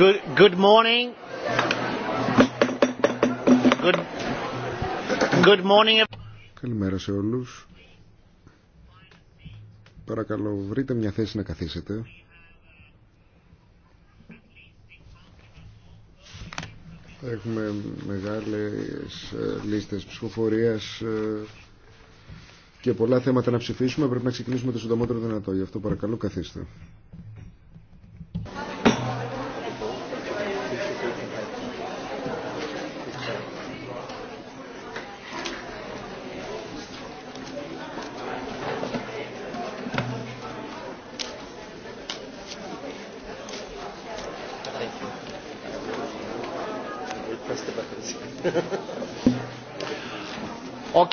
Good, good morning. Good, good morning. Καλημέρα σε όλους. Παρακαλώ βρείτε μια θέση να καθίσετε. Έχουμε μεγάλες ε, λίστες ψηφοφορίας ε, και πολλά θέματα να ψηφίσουμε. Πρέπει να ξεκινήσουμε το συντομότερο δυνατό. Γι' αυτό παρακαλώ καθίστε.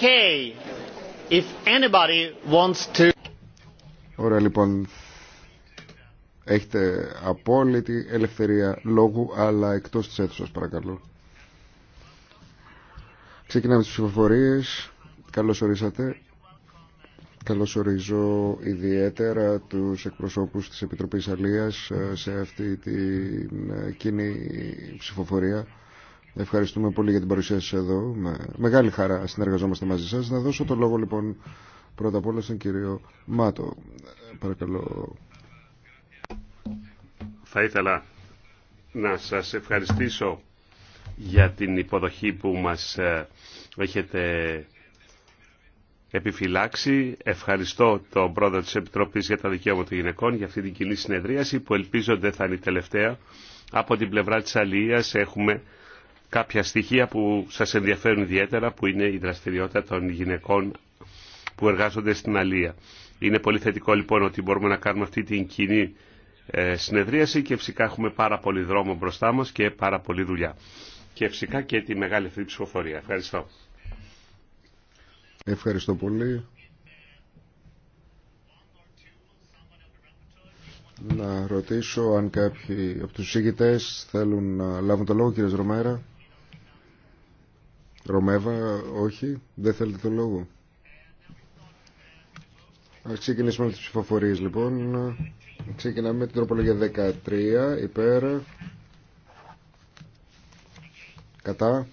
okay if anybody wants to... Ωραία λοιπόν, έχετε απόλυτη ελευθερία λόγου, αλλά εκτός της αίθουσας παρακαλώ. Ξεκινάμε τις ψηφοφορίες. Καλώς ορίσατε. Καλώς ορίζω ιδιαίτερα του εκπροσώπους της Επιτροπής Αλίας ε, σε αυτή την ε, κοινή ψηφοφορία. Ευχαριστούμε πολύ για την παρουσία σας εδώ. Με μεγάλη χαρά συνεργαζόμαστε μαζί σας. Να δώσω το λόγο λοιπόν πρώτα απ' όλα στον κύριο Μάτο. Παρακαλώ. Θα ήθελα να σας ευχαριστήσω για την υποδοχή που μας ε, έχετε επιφυλάξει. Ευχαριστώ τον πρόεδρο της Επιτροπής για τα Δικαίωμα των Γυναικών για αυτή την κοινή συνεδρίαση που ελπίζω δεν θα είναι η τελευταία. Από την πλευρά της Αλίας έχουμε κάποια στοιχεία που σας ενδιαφέρουν ιδιαίτερα που είναι η δραστηριότητα των γυναικών που εργάζονται στην Αλία. Είναι πολύ θετικό λοιπόν ότι μπορούμε να κάνουμε αυτή την κοινή ε, συνεδρίαση και φυσικά έχουμε πάρα πολύ δρόμο μπροστά μας και πάρα πολύ δουλειά. Και φυσικά και τη μεγάλη αυτή ψηφοφορία. Ευχαριστώ. Ευχαριστώ πολύ. Να ρωτήσω αν κάποιοι από τους ηγητές θέλουν να λάβουν το λόγο, κύριε Ρωμέρα. Ρωμέβα, όχι, δεν θέλετε το λόγο. Ας ξεκινήσουμε με τις ψηφοφορίες λοιπόν. Ξεκινάμε με την τροπολογία 13, υπέρ, κατά,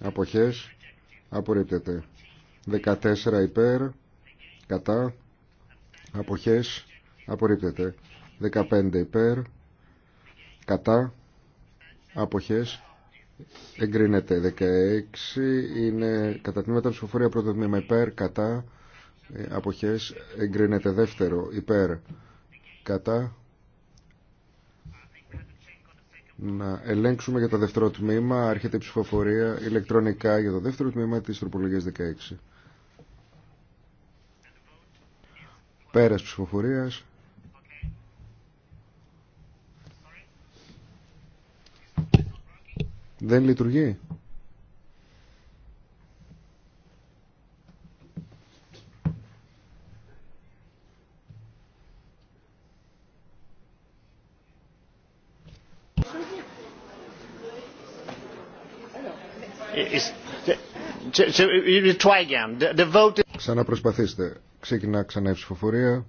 αποχές, απορρίπτεται. 14 υπέρ, κατά, αποχές, απορρίπτεται. 15 υπέρ, κατά, αποχές, Εγκρίνεται 16. Είναι κατά τμήματα ψηφοφορία πρώτο τμήμα υπέρ, κατά, ε, αποχές. Εγκρίνεται δεύτερο υπέρ, κατά. Να ελέγξουμε για το δεύτερο τμήμα. Άρχεται η ψηφοφορία ηλεκτρονικά για το δεύτερο τμήμα της τροπολογίας 16. Πέρας ψηφοφορίας. Δεν λειτουργεί. Ξαναπροσπαθήστε. Ξεκινά ξανά η ψηφοφορία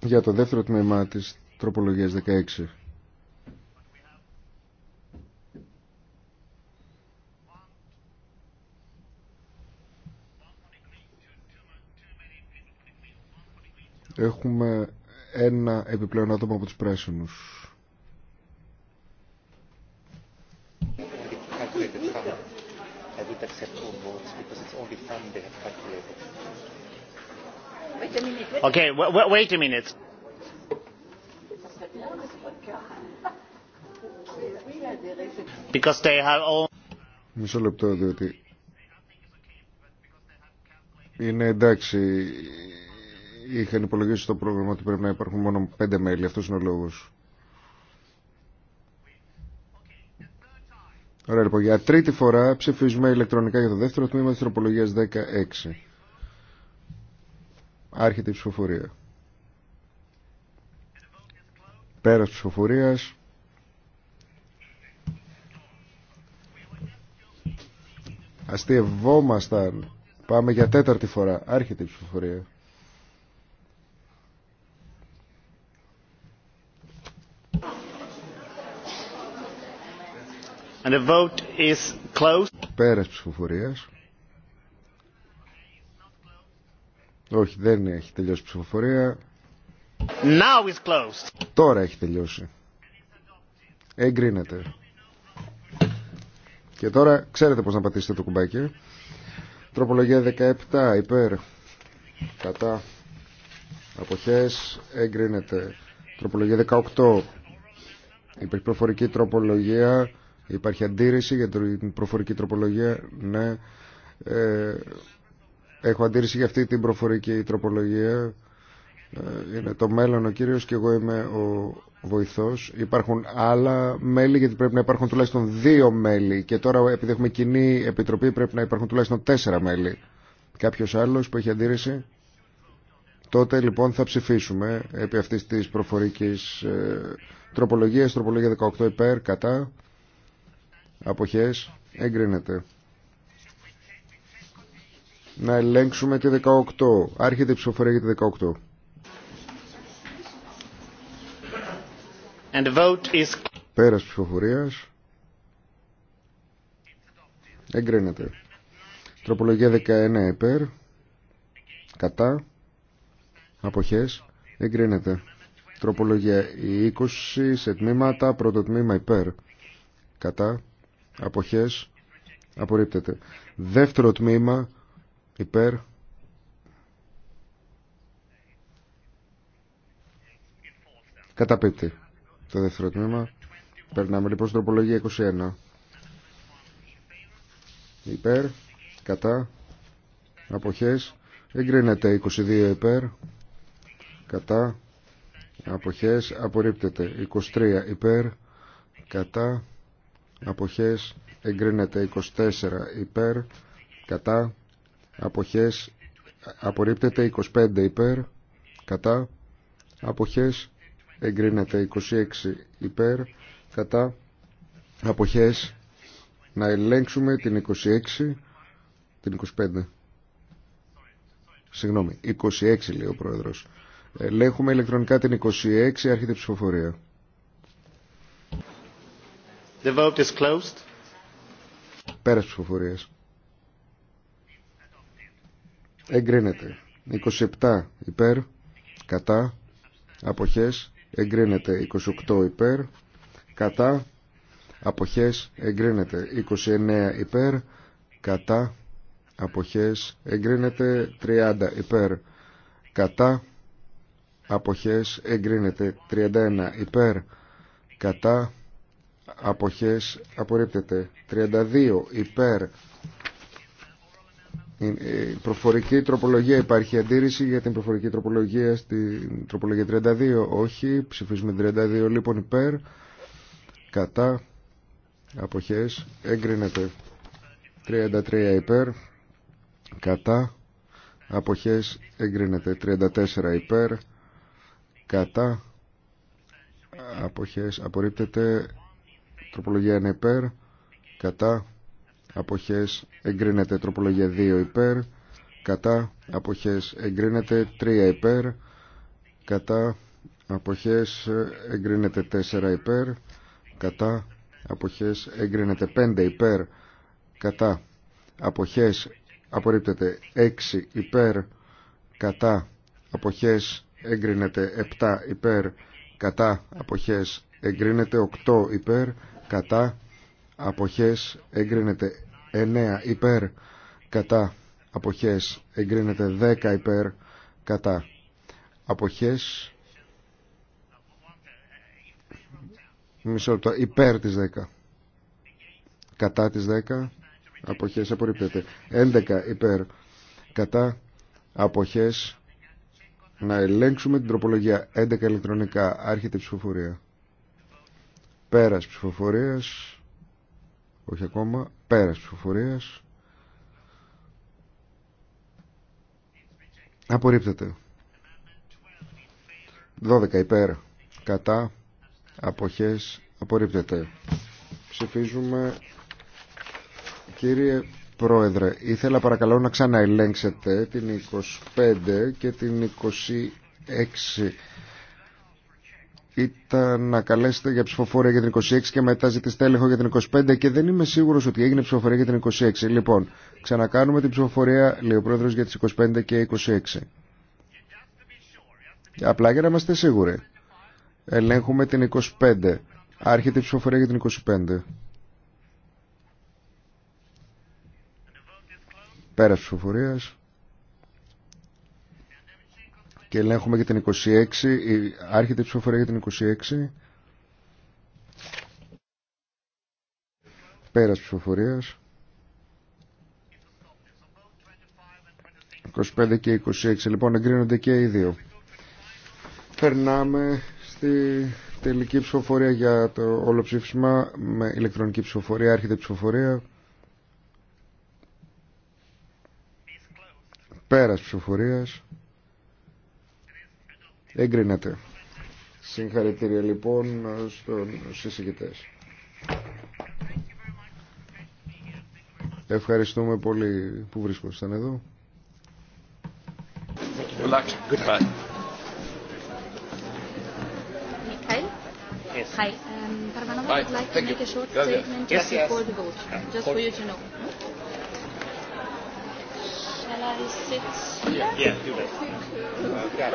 για το δεύτερο τμήμα της τροπολογίας 16. Έχουμε ένα επιπλέον άτομο από τους πρέσινους. Okay, wait a minute. Because they have all... Μισό λεπτό διότι είναι εντάξει είχαν υπολογίσει στο πρόγραμμα ότι πρέπει να υπάρχουν μόνο πέντε μέλη. αυτο είναι ο λόγος. Ωραία λοιπόν, για τρίτη φορά ψηφίζουμε ηλεκτρονικά για το δεύτερο τμήμα τη τροπολογία 16. Άρχεται η ψηφοφορία. Πέρας ψηφοφορία. Αστειευόμασταν. Πάμε για τέταρτη φορά. Άρχεται η ψηφοφορία. And the Πέρας ψηφοφορίας. Όχι, δεν έχει τελειώσει η ψηφοφορία. Now is closed. Τώρα έχει τελειώσει. Εγκρίνεται. Και τώρα ξέρετε πώς να πατήσετε το κουμπάκι. Τροπολογία 17 υπέρ κατά αποχές εγκρίνεται. Τροπολογία 18 υπερ προφορική τροπολογία Υπάρχει αντίρρηση για την προφορική τροπολογία. Ναι. Ε, έχω αντίρρηση για αυτή την προφορική τροπολογία. Ε, είναι το μέλλον ο κύριος και εγώ είμαι ο βοηθός. Υπάρχουν άλλα μέλη γιατί πρέπει να υπάρχουν τουλάχιστον δύο μέλη και τώρα επειδή έχουμε κοινή επιτροπή πρέπει να υπάρχουν τουλάχιστον τέσσερα μέλη. Κάποιος άλλος που έχει αντίρρηση. Τότε λοιπόν θα ψηφίσουμε επί αυτής της προφορικής ε, τροπολογίας, τροπολογία 18 υπέρ, κατά, Αποχές. Εγκρίνεται. Να ελέγξουμε τη 18. Άρχεται η ψηφοφορία για τη 18. And Πέρας ψηφοφορίας. Εγκρίνεται. Τροπολογία 19 υπέρ. Κατά. Αποχές. Εγκρίνεται. Τροπολογία 20 σε τμήματα. Πρώτο τμήμα υπέρ. Κατά αποχές απορρίπτεται δεύτερο τμήμα υπέρ καταπίπτει το δεύτερο τμήμα περνάμε λοιπόν στην τροπολογία 21 υπέρ κατά αποχές εγκρίνεται 22 υπέρ κατά αποχές απορρίπτεται 23 υπέρ κατά αποχές εγκρίνεται 24 υπέρ κατά αποχές απορρίπτεται 25 υπέρ κατά αποχές εγκρίνεται 26 υπέρ κατά αποχές να ελέγξουμε την 26 την 25 συγγνώμη 26 λέει ο πρόεδρος ελέγχουμε ηλεκτρονικά την 26 άρχεται ψηφοφορία The vote is closed. Πέρας ψηφοφορίας. Εγκρίνεται. 27 υπέρ, κατά, αποχές, εγκρίνεται. 28 υπέρ, κατά, αποχές, εγκρίνεται. 29 υπέρ, κατά, αποχές, εγκρίνεται. 30 υπέρ, κατά, αποχές, εγκρίνεται. 31 υπέρ, κατά, αποχές απορρίπτεται 32 υπέρ ε, προφορική τροπολογία υπάρχει αντίρρηση για την προφορική τροπολογία στην τροπολογία 32 όχι ψηφίζουμε 32 λοιπόν υπέρ κατά αποχές εγκρίνεται 33 υπέρ κατά αποχές εγκρίνεται 34 υπέρ κατά αποχές απορρίπτεται Τροπολογία 1 υπέρ. Κατά. Αποχές εγκρίνεται. Τροπολογία 2 υπέρ. Κατά. Αποχές εγκρίνεται. 3 υπέρ. Κατά. Αποχές εγκρίνεται 4 υπέρ. Κατά. Αποχές εγκρίνεται 5 υπέρ. Κατά. Αποχές απορρίπτεται 6 υπέρ. Κατά. Αποχές εγκρίνεται 7 υπέρ. Κατά. Αποχές εγκρίνεται 8 υπέρ κατά αποχές εγκρίνεται 9 υπέρ κατά αποχές εγκρίνεται 10 υπέρ κατά αποχές μισό λεπτό υπέρ της 10 κατά της 10 αποχές απορρίπτεται 11 υπέρ κατά αποχές να ελέγξουμε την τροπολογία 11 ηλεκτρονικά άρχεται η ψηφοφορία Πέρας ψηφοφορίας. Όχι ακόμα. Πέρας ψηφοφορίας. Απορρίπτεται. 12 υπέρ. Κατά. Αποχές. Απορρίπτεται. Ψηφίζουμε. Κύριε Πρόεδρε, ήθελα παρακαλώ να ξαναελέγξετε την 25 και την 26 ήταν να καλέσετε για ψηφοφορία για την 26 και μετά ζητήσετε έλεγχο για την 25 και δεν είμαι σίγουρος ότι έγινε ψηφοφορία για την 26. Λοιπόν, ξανακάνουμε την ψηφοφορία, λέει ο πρόεδρος, για τις 25 και 26. Απλά για να είμαστε σίγουροι. Ελέγχουμε την 25. Άρχεται η ψηφοφορία για την 25. Πέρα ψηφοφορίας και ελέγχουμε για την 26. Άρχεται η ψηφοφορία για την 26. Πέρας ψηφοφορίας. 25 και 26. Λοιπόν, εγκρίνονται και οι δύο. Περνάμε στη τελική ψηφοφορία για το όλο ψήφισμα με ηλεκτρονική ψηφοφορία. Άρχεται η ψηφοφορία. Πέρας ψηφοφορίας. Εγκρίνεται. Συγχαρητήρια λοιπόν στον συζητητέ. Ευχαριστούμε πολύ που βρίσκονταν εδώ. Hi. Um, Parvanova would like to make a short statement just before the vote, just for you to know. Analysis here? Yeah, do that.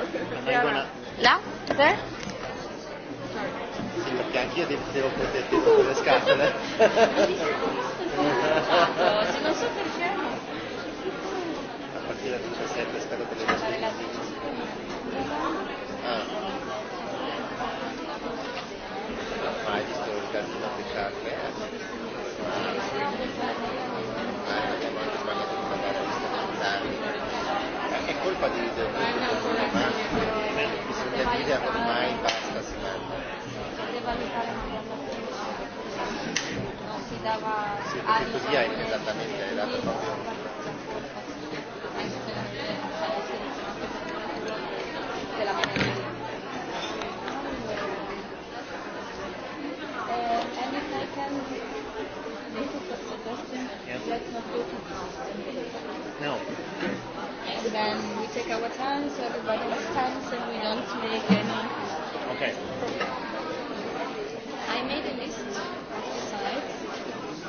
le scatole. Non A partire dal 17 le Ah. È colpa di bisogna dire ormai basta si si perché così hai esattamente è dato proprio della let's not do No. And then we take our time, so everybody has time, and we don't make any. Okay. I made a list of the sites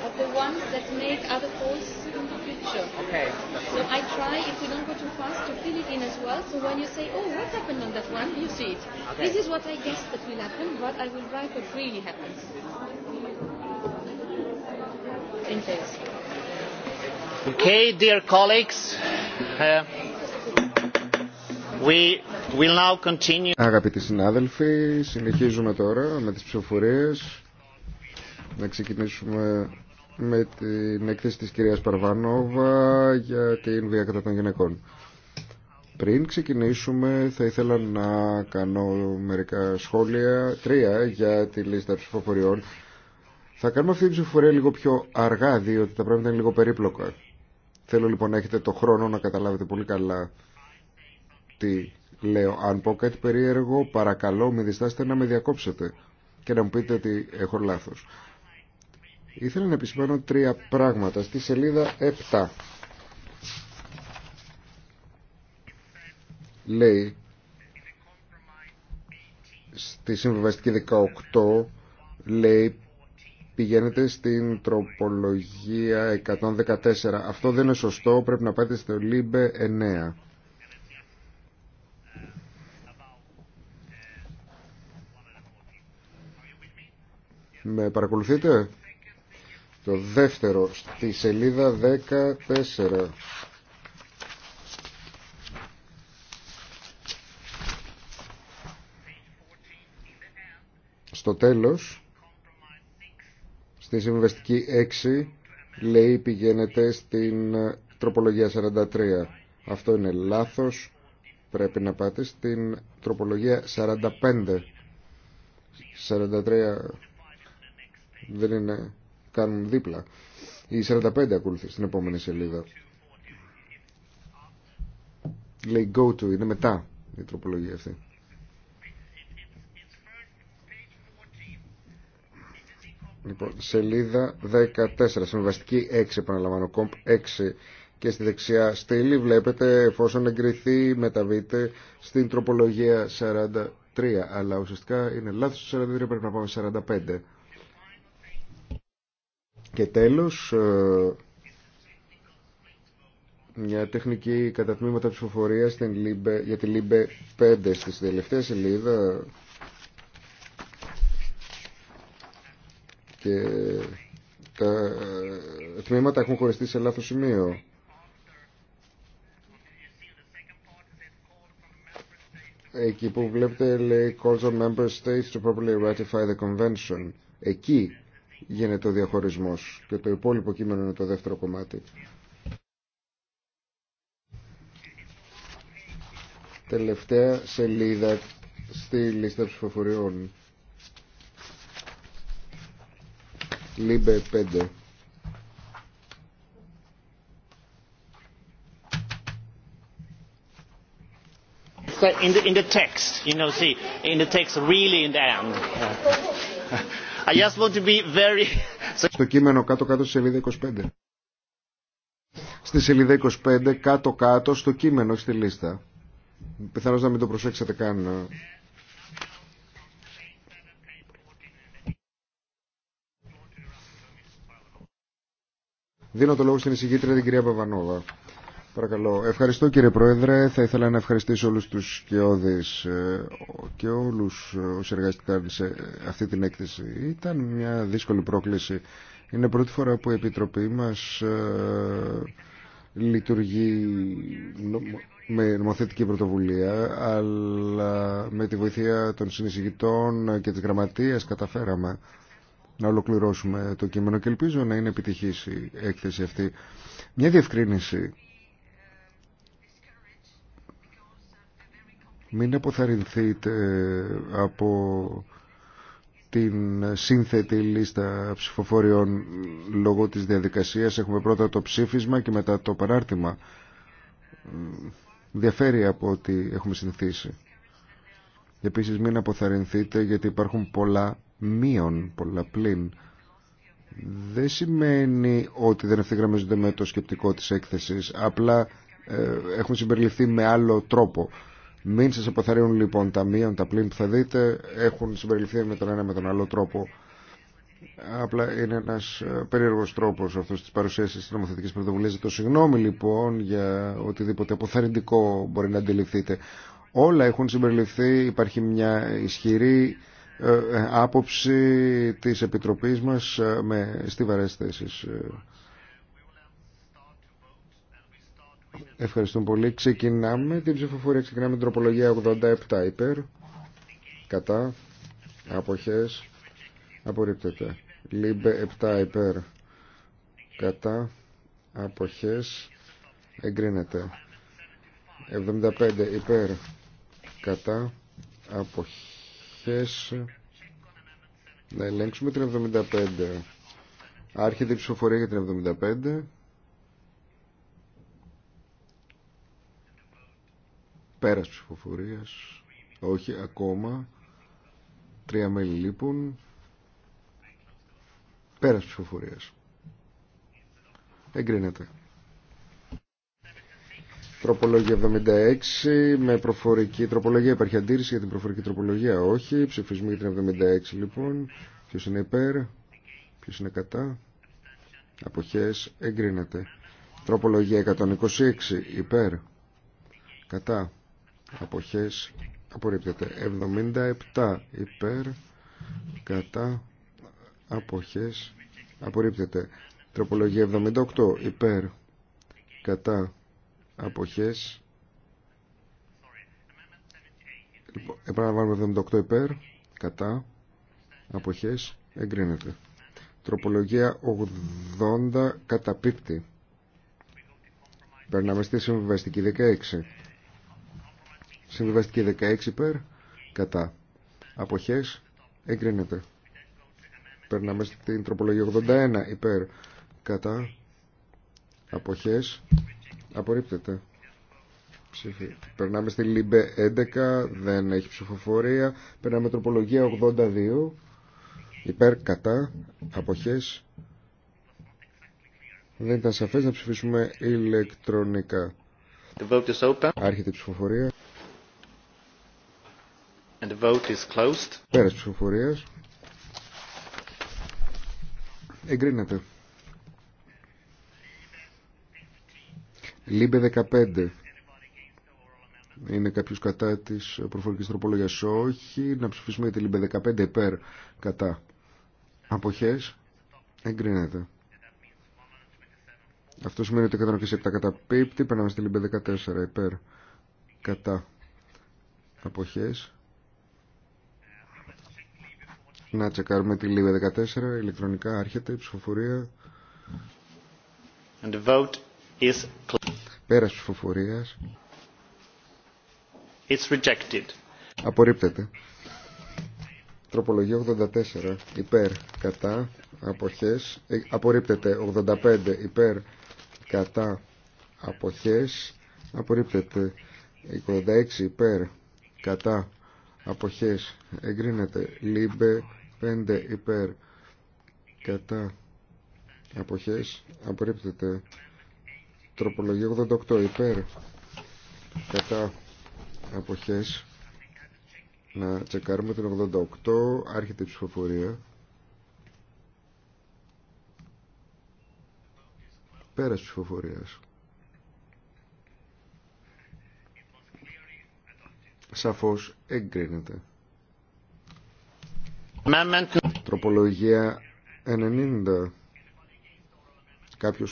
of the ones that make other posts in the future. Okay. So I try, if we don't go too fast, to fill it in as well. So when you say, oh, what happened on that one, you see it. This is what I guess that will happen, but I will write what really happens. In case. Okay, dear colleagues, uh, Αγαπητοί συνάδελφοι, συνεχίζουμε τώρα με τις ψηφοφορίες. Να ξεκινήσουμε με την έκθεση της κυρίας Παρβάνοβα για την βία κατά των γυναικών. Πριν ξεκινήσουμε θα ήθελα να κάνω μερικά σχόλια, τρία για τη λίστα ψηφοφοριών. Θα κάνουμε αυτή την ψηφοφορία λίγο πιο αργά, διότι τα πράγματα είναι λίγο περίπλοκα. Θέλω λοιπόν να έχετε το χρόνο να καταλάβετε πολύ καλά τι λέω. Αν πω κάτι περίεργο, παρακαλώ μην διστάσετε να με διακόψετε και να μου πείτε ότι έχω λάθος. Ήθελα να επισημάνω τρία πράγματα στη σελίδα 7. Λέει στη συμβιβαστική 18 λέει πηγαίνετε στην τροπολογία 114. Αυτό δεν είναι σωστό, πρέπει να πάτε στο ΛΥΜΠΕ 9. Με παρακολουθείτε? Το δεύτερο, στη σελίδα 14. Στο τέλος, Στη συμβιβαστική 6 λέει πηγαίνετε στην ε, τροπολογία 43. Αυτό είναι λάθος. Πρέπει να πάτε στην τροπολογία 45. 43 δεν είναι καν δίπλα. Η 45 ακολουθεί στην επόμενη σελίδα. Λέει go to, είναι μετά η τροπολογία αυτή. Λοιπόν, σελίδα 14, συμβαστική 6, επαναλαμβάνω, κομπ 6 και στη δεξιά στήλη βλέπετε εφόσον εγκριθεί μεταβείτε στην τροπολογία 43 αλλά ουσιαστικά είναι λάθος το 43 πρέπει να πάμε 45 και τέλος ε, μια τεχνική κατατμήματα ψηφοφορία για τη ΛΥΜΠΕ 5 στη τελευταία σελίδα και τα τμήματα έχουν χωριστεί σε λάθος σημείο. Εκεί που βλέπετε λέει calls on member states to properly ratify the convention. Εκεί γίνεται ο διαχωρισμός και το υπόλοιπο κείμενο είναι το δεύτερο κομμάτι. Τελευταία σελίδα στη λίστα ψηφοφοριών. Λίμπε 5. στο κείμενο κάτω κάτω στη σελίδα 25 στη σελίδα 25 κάτω κάτω στο κείμενο στη λίστα πιθανώς να μην το προσέξατε καν ε. Δίνω το λόγο στην εισηγήτρια την κυρία Παπανόβα. Παρακαλώ. Ευχαριστώ κύριε Πρόεδρε. Θα ήθελα να ευχαριστήσω όλους τους σκιώδεις ε, και όλους ε, όσοι εργάστηκαν σε αυτή την έκθεση. Ήταν μια δύσκολη πρόκληση. Είναι πρώτη φορά που η Επιτροπή μας ε, λειτουργεί με νομοθετική πρωτοβουλία, αλλά με τη βοήθεια των συνεισηγητών και της γραμματείας καταφέραμε να ολοκληρώσουμε το κείμενο και ελπίζω να είναι επιτυχής η έκθεση αυτή. Μια διευκρίνηση. Μην αποθαρρυνθείτε ε, από την σύνθετη λίστα ψηφοφοριών λόγω της διαδικασίας. Έχουμε πρώτα το ψήφισμα και μετά το παράρτημα. Διαφέρει από ό,τι έχουμε συνηθίσει. Επίσης μην αποθαρρυνθείτε γιατί υπάρχουν πολλά μείον πολλαπλήν δεν σημαίνει ότι δεν ευθυγραμμίζονται με το σκεπτικό της έκθεσης, απλά ε, έχουν συμπεριληφθεί με άλλο τρόπο. Μην σας αποθαρρύνουν λοιπόν τα μείον, τα πλήν που θα δείτε, έχουν συμπεριληφθεί με τον ένα με τον άλλο τρόπο. Απλά είναι ένας ε, περίεργος τρόπος αυτός της παρουσίασης της νομοθετικής πρωτοβουλίας. Το συγγνώμη λοιπόν για οτιδήποτε αποθαρρυντικό μπορεί να αντιληφθείτε. Όλα έχουν συμπεριληφθεί, υπάρχει μια ισχυρή ε, ε, άποψη της Επιτροπής μας ε, με στιβαρές θέσεις. Ευχαριστούμε πολύ. Ξεκινάμε την ψηφοφορία. Ξεκινάμε την τροπολογία 87 υπέρ. Κατά. Αποχές. Απορρίπτεται. Λίμπε 7 υπέρ. Κατά. Αποχές. Εγκρίνεται. 75 υπέρ. Κατά. Αποχές να ελέγξουμε την 75 άρχεται η ψηφοφορία για την 75 πέρας ψηφοφορίας όχι ακόμα τρία μέλη λείπουν πέρας ψηφοφορίας εγκρίνεται Τροπολογία 76 με προφορική τροπολογία. Υπάρχει αντίρρηση για την προφορική τροπολογία. Όχι. ψηφισμού για την 76 λοιπόν. Ποιο είναι υπέρ. Ποιο είναι κατά. Αποχέ. Εγκρίνεται. Τροπολογία 126 υπέρ. Κατά. Αποχέ. Απορρίπτεται. 77 υπέρ. Κατά. Αποχέ. Απορρίπτεται. Τροπολογία 78 υπέρ. Κατά αποχές λοιπόν, επαναλαμβάνουμε 78 υπέρ κατά αποχές εγκρίνεται τροπολογία 80 καταπίπτει περνάμε στη συμβιβαστική 16 συμβιβαστική 16 υπέρ κατά αποχές εγκρίνεται περνάμε στην τροπολογία 81 υπέρ κατά αποχές Απορρίπτεται. Ψήφι. Περνάμε στη ΛΥΜΠΕ 11, δεν έχει ψηφοφορία. Περνάμε τροπολογία 82, υπέρ, κατά, αποχές. Δεν ήταν σαφές να ψηφίσουμε ηλεκτρονικά. The vote is open. Άρχεται η ψηφοφορία. And the vote is closed. Πέρας ψηφοφορίας. Εγκρίνεται. Λίμπε 15. Είναι κάποιο κατά τη προφορική τροπολογία. όχι. Να ψηφίσουμε για τη Λίμπε 15 υπέρ κατά. Αποχέ. Εγκρίνεται. Αυτό σημαίνει ότι 127 κατά πίπτη. Περνάμε στη Λίμπε 14 υπέρ κατά. Αποχέ. Να τσεκάρουμε τη Λίβε 14, ηλεκτρονικά άρχεται η ψηφοφορία. And the vote is Πέρας φοφορίας It's rejected. Απορρίπτεται. Τροπολογία 84. Ε, Υπέρ. Κατά. Αποχές. Απορρίπτεται. 85. Υπέρ. Κατά. Αποχές. Απορρίπτεται. 86. Υπέρ. Κατά. Αποχές. Εγκρίνεται. Λίμπε. 5. Υπέρ. Κατά. Αποχές. Απορρίπτεται. Τροπολογία 88 υπέρ κατά αποχές να τσεκάρουμε την 88 άρχεται η ψηφοφορία της ψηφοφορίας σαφώς εγκρίνεται Τροπολογία 90 Κάποιο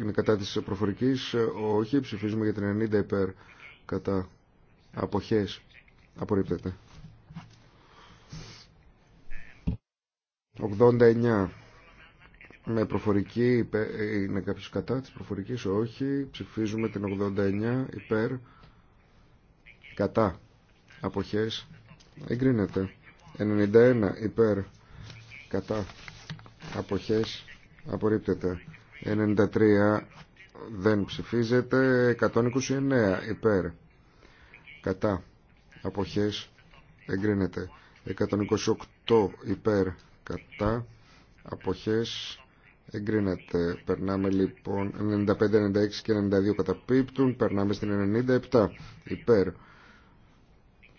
είναι κατά τη προφορική. Ε, όχι. Ψηφίζουμε για την 90 υπέρ. Κατά αποχέ. Απορρίπτεται. 89. Με προφορική, ε, είναι κάποιος κατά της προφορικής, όχι. Ψηφίζουμε την 89 υπέρ, κατά, αποχές, εγκρίνεται. 91 υπέρ, κατά, αποχές, απορρίπτεται. 93 δεν ψηφίζεται. 129 υπέρ. Κατά. Αποχές. Εγκρίνεται. 128 υπέρ. Κατά. Αποχές. Εγκρίνεται. Περνάμε λοιπόν 95, 96 και 92 καταπίπτουν. Περνάμε στην 97 υπέρ.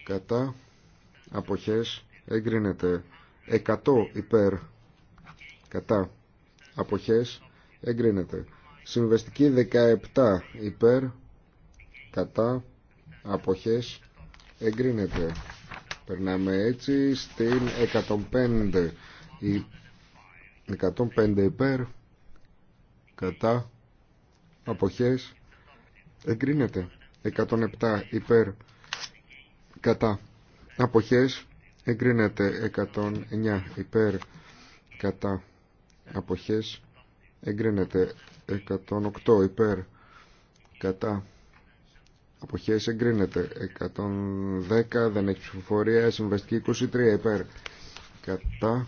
Κατά. Αποχές. Εγκρίνεται. 100 υπέρ. Κατά. Αποχές εγκρίνεται. Συμβεστική 17 υπέρ, κατά, αποχές, εγκρίνεται. Περνάμε έτσι στην 105, 105 υπέρ, κατά, αποχές, εγκρίνεται. 107 υπέρ, κατά, αποχές, εγκρίνεται. 109 υπέρ, κατά, αποχές, εγκρίνεται 108 υπέρ κατά αποχές εγκρίνεται 110 δεν έχει ψηφοφορία συμβαστική 23 υπέρ κατά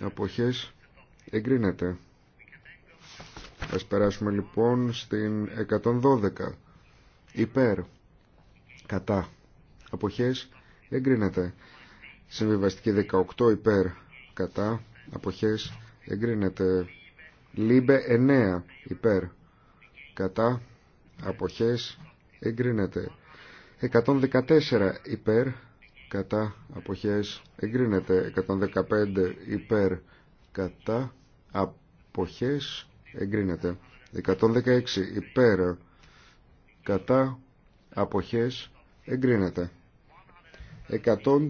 αποχές εγκρίνεται ας περάσουμε λοιπόν στην 112 υπέρ κατά αποχές εγκρίνεται συμβιβαστική 18 υπέρ κατά αποχές εγκρίνεται Λίμπε 9 υπέρ κατά αποχές εγκρίνεται 114 υπέρ κατά αποχές εγκρίνεται 115 υπέρ κατά αποχές εγκρίνεται 116 υπέρ κατά αποχές εγκρίνεται 130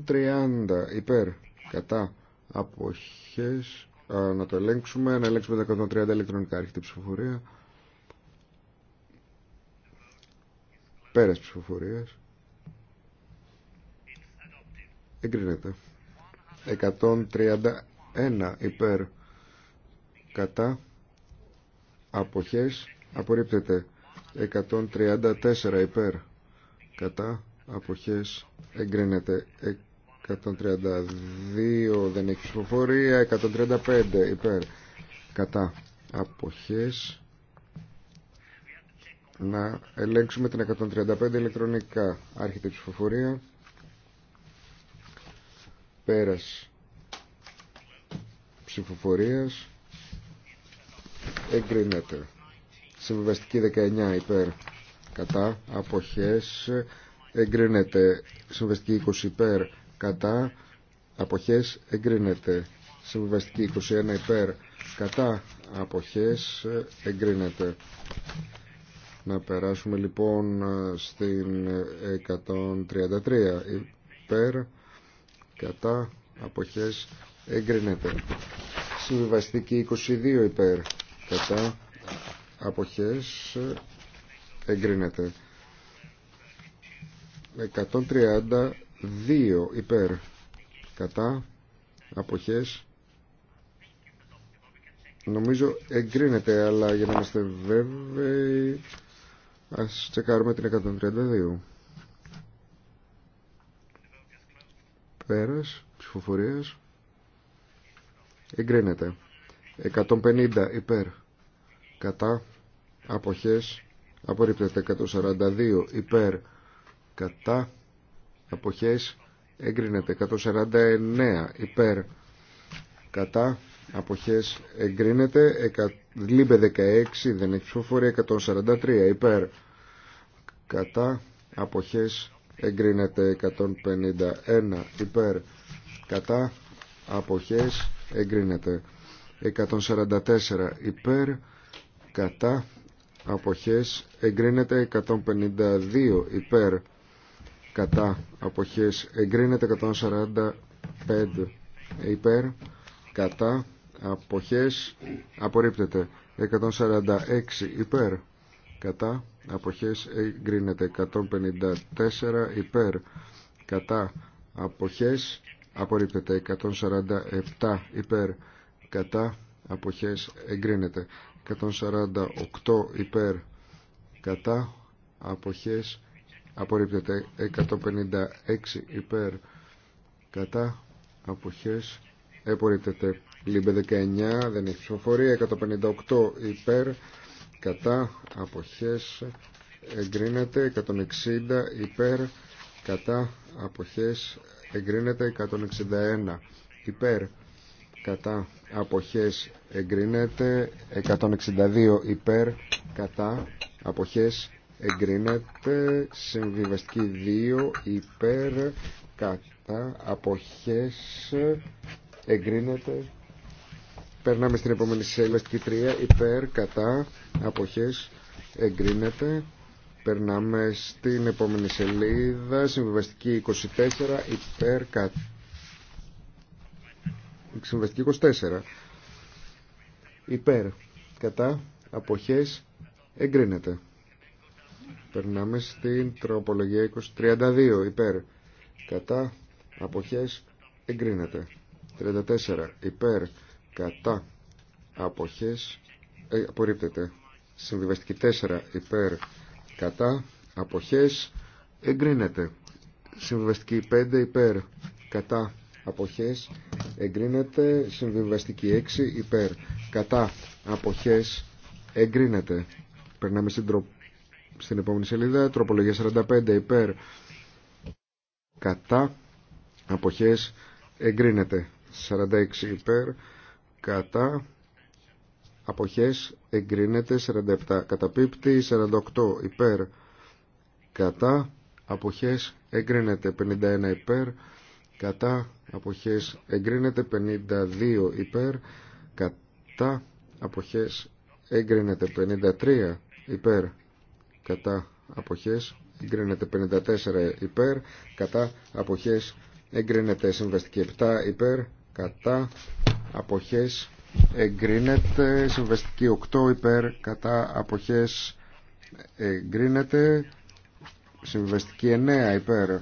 υπέρ κατά αποχές να το ελέγξουμε. Να ελέγξουμε τα 130 ηλεκτρονικά αρχή ψηφοφορία. Πέρας ψηφοφορίας. Εγκρίνεται. 131 υπέρ κατά αποχές απορρίπτεται 134 υπέρ κατά αποχές εγκρίνεται 132 δεν έχει ψηφοφορία 135 υπέρ κατά αποχές να ελέγξουμε την 135 ηλεκτρονικά άρχεται η ψηφοφορία πέρας ψηφοφορίας εγκρίνεται συμβιβαστική 19 υπέρ κατά αποχές εγκρίνεται συμβαστική 20 υπέρ κατά αποχές εγκρίνεται συμβιβαστική 21 υπέρ κατά αποχές εγκρίνεται να περάσουμε λοιπόν ε, στην 133 υπέρ κατά αποχές εγκρίνεται συμβιβαστική 22 υπέρ κατά αποχές εγκρίνεται 130 2 υπέρ κατά αποχές νομίζω εγκρίνεται αλλά για να είμαστε βέβαιοι ας τσεκάρουμε την 132 πέρας ψηφοφορίας εγκρίνεται 150 υπέρ κατά αποχές απορρίπτεται 142 υπέρ κατά αποχές εγκρίνεται 149 υπέρ κατά αποχές εγκρίνεται λίμπε 16 δεν έχει ψηφοφορία 143 υπέρ κατά αποχές εγκρίνεται 151 υπέρ κατά αποχές εγκρίνεται 144 υπέρ κατά αποχές εγκρίνεται 152 υπέρ κατά αποχές εγκρίνεται 145 υπέρ κατά αποχές απορρίπτεται 146 υπέρ κατά αποχές εγκρίνεται 154 υπέρ κατά αποχές απορρίπτεται 147 υπέρ κατά αποχές εγκρίνεται 148 υπέρ κατά αποχές απορρίπτεται 156 υπέρ κατά αποχές απορρίπτεται λίμπε 19 δεν έχει ψηφοφορία 158 υπέρ κατά αποχές εγκρίνεται 160 υπέρ κατά αποχές εγκρίνεται 161 υπέρ κατά αποχές εγκρίνεται 162 υπέρ κατά αποχές εγκρίνεται συμβιβαστική 2 υπέρ κατά αποχές εγκρίνεται περνάμε στην επόμενη συμβιβαστική 3 υπέρ κατά αποχές εγκρίνεται περνάμε στην επόμενη σελίδα συμβιβαστική 24 υπέρ κατά συμβιβαστική 24 υπέρ κατά αποχές εγκρίνεται Περνάμε στην τροπολογία 32 υπέρ. Κατά αποχές εγκρίνεται. 34 υπέρ. Κατά αποχές ε, απορρίπτεται. Συμβιβαστική 4 υπέρ. Κατά αποχές εγκρίνεται. Συμβιβαστική 5 υπέρ. Κατά αποχές εγκρίνεται. Συμβιβαστική 6 υπέρ. Κατά αποχές εγκρίνεται. Περνάμε στην τροπολογία στην επόμενη σελίδα. Τροπολογία 45 υπέρ κατά αποχές εγκρίνεται. 46 υπέρ κατά αποχές εγκρίνεται. 47 καταπίπτει. 48 υπέρ κατά αποχές εγκρίνεται. 51 υπέρ κατά αποχές εγκρίνεται. 52 υπέρ κατά αποχές εγκρίνεται. 53 υπέρ κατά αποχές εγκρίνεται 54 υπέρ κατά αποχές εγκρίνεται συμβαστική 7 υπέρ κατά αποχές εγκρίνεται συμβαστική 8 υπέρ κατά αποχές εγκρίνεται συμβαστική 9 υπέρ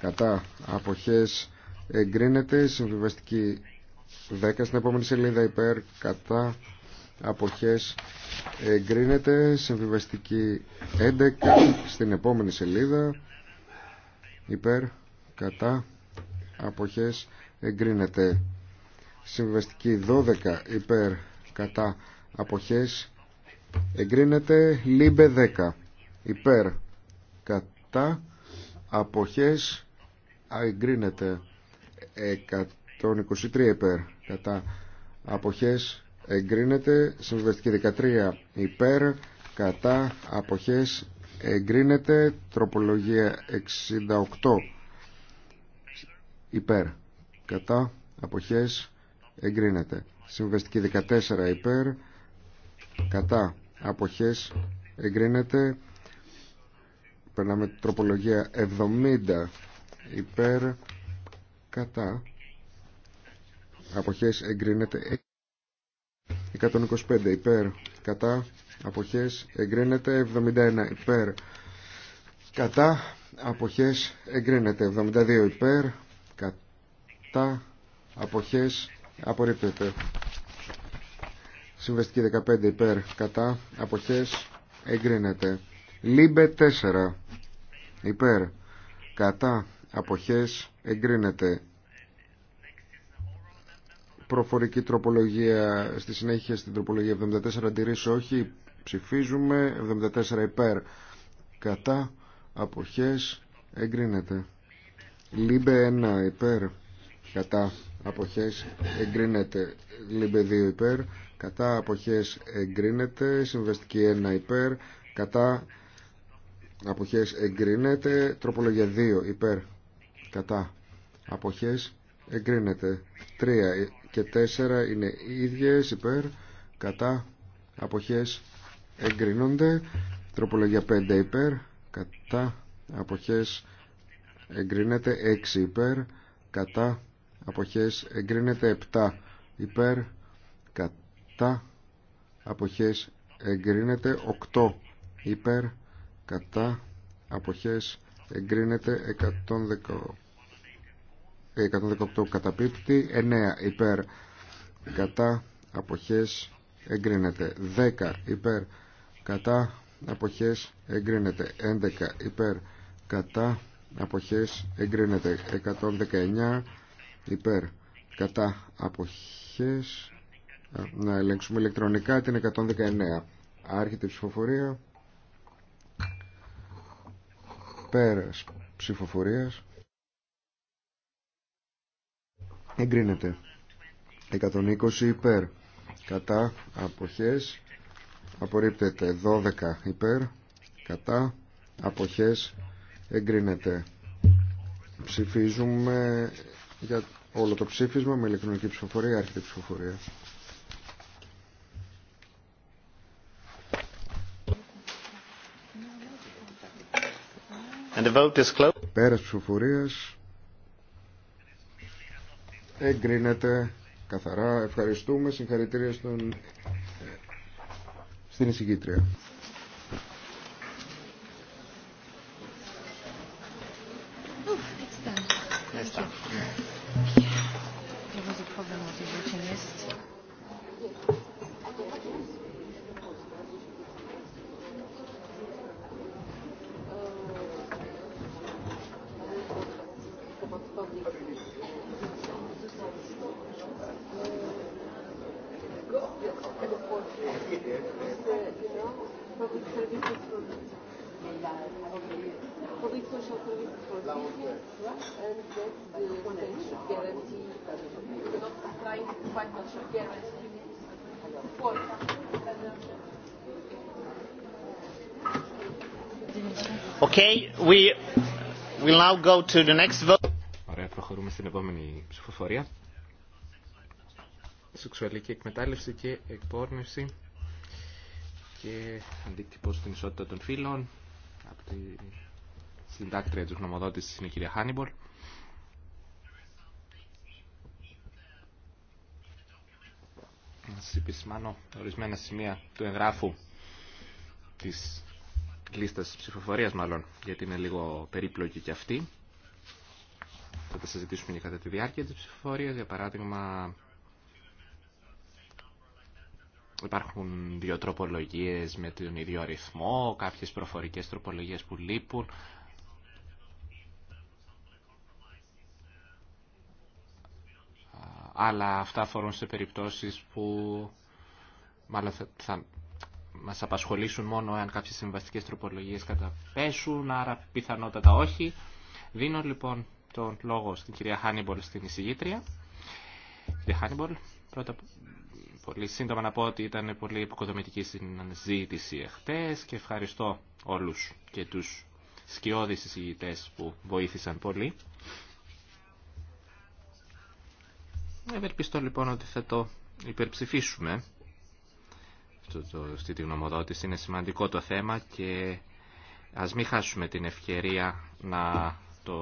κατά αποχές εγκρίνεται συμβιβαστική 10 στην επόμενη σελίδα υπέρ κατά αποχές εγκρίνεται συμβιβαστική 11 στην επόμενη σελίδα υπέρ κατά αποχές εγκρίνεται συμβιβαστική 12 υπέρ κατά αποχές εγκρίνεται λίμπε 10 υπέρ κατά αποχές εγκρίνεται 123 υπέρ κατά αποχές εγκρίνεται. Συμβιβαστική 13 υπέρ, κατά, αποχές, εγκρίνεται. Τροπολογία 68 υπέρ, κατά, αποχές, εγκρίνεται. συμβεστική 14 υπέρ, κατά, αποχές, εγκρίνεται. Περνάμε τροπολογία 70 υπέρ, κατά, αποχές εγκρίνεται 125 υπέρ κατά αποχές εγκρίνεται 71 υπέρ κατά αποχές εγκρίνεται 72 υπέρ κατά αποχές απορρίπτεται συμβαστική 15 υπέρ κατά αποχές εγκρίνεται λίμπε 4 υπέρ κατά αποχές εγκρίνεται προφορική τροπολογία στη συνέχεια στην τροπολογία 74 αντιρρήσει όχι ψηφίζουμε 74 υπέρ κατά αποχές εγκρίνεται λίμπε 1 υπέρ κατά αποχές εγκρίνεται λίμπε 2 υπέρ κατά αποχές εγκρίνεται συμβεστική 1 υπέρ κατά αποχές εγκρίνεται τροπολογία 2 υπέρ κατά αποχές εγκρίνεται 3 και 4 είναι ίδιες υπέρ κατά αποχές εγκρίνονται τροπολογία 5 υπέρ κατά αποχές εγκρίνεται 6 υπέρ κατά αποχές εγκρίνεται 7 υπέρ κατά αποχές εγκρίνεται 8 υπέρ κατά αποχές εγκρίνεται 118 118 ε, καταπίπτει 9 υπέρ κατά αποχές εγκρίνεται 10 υπέρ κατά αποχές εγκρίνεται 11 υπέρ κατά αποχές εγκρίνεται 119 υπέρ κατά αποχές να ελέγξουμε ηλεκτρονικά την 119 άρχεται η ψηφοφορία πέρας ψηφοφορίας εγκρίνεται 120 υπέρ κατά αποχές απορρίπτεται 12 υπέρ κατά αποχές εγκρίνεται ψηφίζουμε για όλο το ψήφισμα με ηλεκτρονική ψηφοφορία άρχεται ψηφοφορία Πέρας ψηφοφορίας Εγκρίνεται καθαρά. Ευχαριστούμε. Συγχαρητήρια στον... στην εισηγήτρια. Ωραία, προχωρούμε στην επόμενη ψηφοφορία. Σεξουαλική εκμετάλλευση και εκπόρνευση και αντίκτυπο στην ισότητα των φύλων. Από τη συντάκτρια τη γνωμοδότηση είναι η κυρία Χάνιμπορ. Να σα επισημάνω ορισμένα σημεία του εγγράφου τη λίστας ψηφοφορία, μάλλον, γιατί είναι λίγο περίπλοκη και αυτή. Θα τα συζητήσουμε και κατά τη διάρκεια της ψηφοφορία. Για παράδειγμα, υπάρχουν δύο τρόπολογίε με τον ίδιο αριθμό, κάποιες προφορικές τροπολογίες που λείπουν. Αλλά αυτά αφορούν σε περιπτώσεις που μάλλον θα, μα απασχολήσουν μόνο αν κάποιε συμβαστικέ τροπολογίες καταπέσουν, άρα πιθανότατα όχι. Δίνω λοιπόν τον λόγο στην κυρία Χάνιμπολ στην εισηγήτρια. Κυρία Χάνιμπολ, πρώτα πολύ σύντομα να πω ότι ήταν πολύ υποκοδομητική συζήτηση εχθέ και ευχαριστώ όλου και τους σκιώδει εισηγητές που βοήθησαν πολύ. Ευελπιστώ λοιπόν ότι θα το υπερψηφίσουμε το, στη γνωμοδότηση. Είναι σημαντικό το θέμα και ας μην χάσουμε την ευκαιρία να το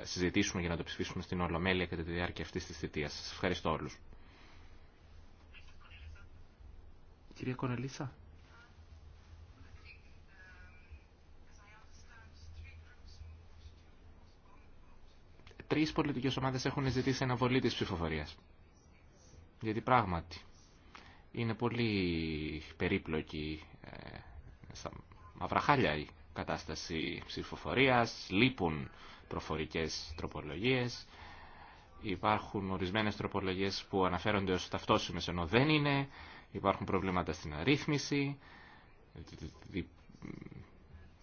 ε, συζητήσουμε για να το ψηφίσουμε στην Ολομέλεια κατά τη διάρκεια αυτής της θητείας. Σας ευχαριστώ όλους. Κυρία Κονελίσσα. Τρεις πολιτικές ομάδες έχουν ζητήσει αναβολή της ψηφοφορίας. Γιατί πράγματι είναι πολύ περίπλοκη ε, στα χάλια η κατάσταση ψηφοφορίας, λείπουν προφορικές τροπολογίες, υπάρχουν ορισμένες τροπολογίες που αναφέρονται ως ταυτόσιμες ενώ δεν είναι, υπάρχουν προβλήματα στην αρρύθμιση,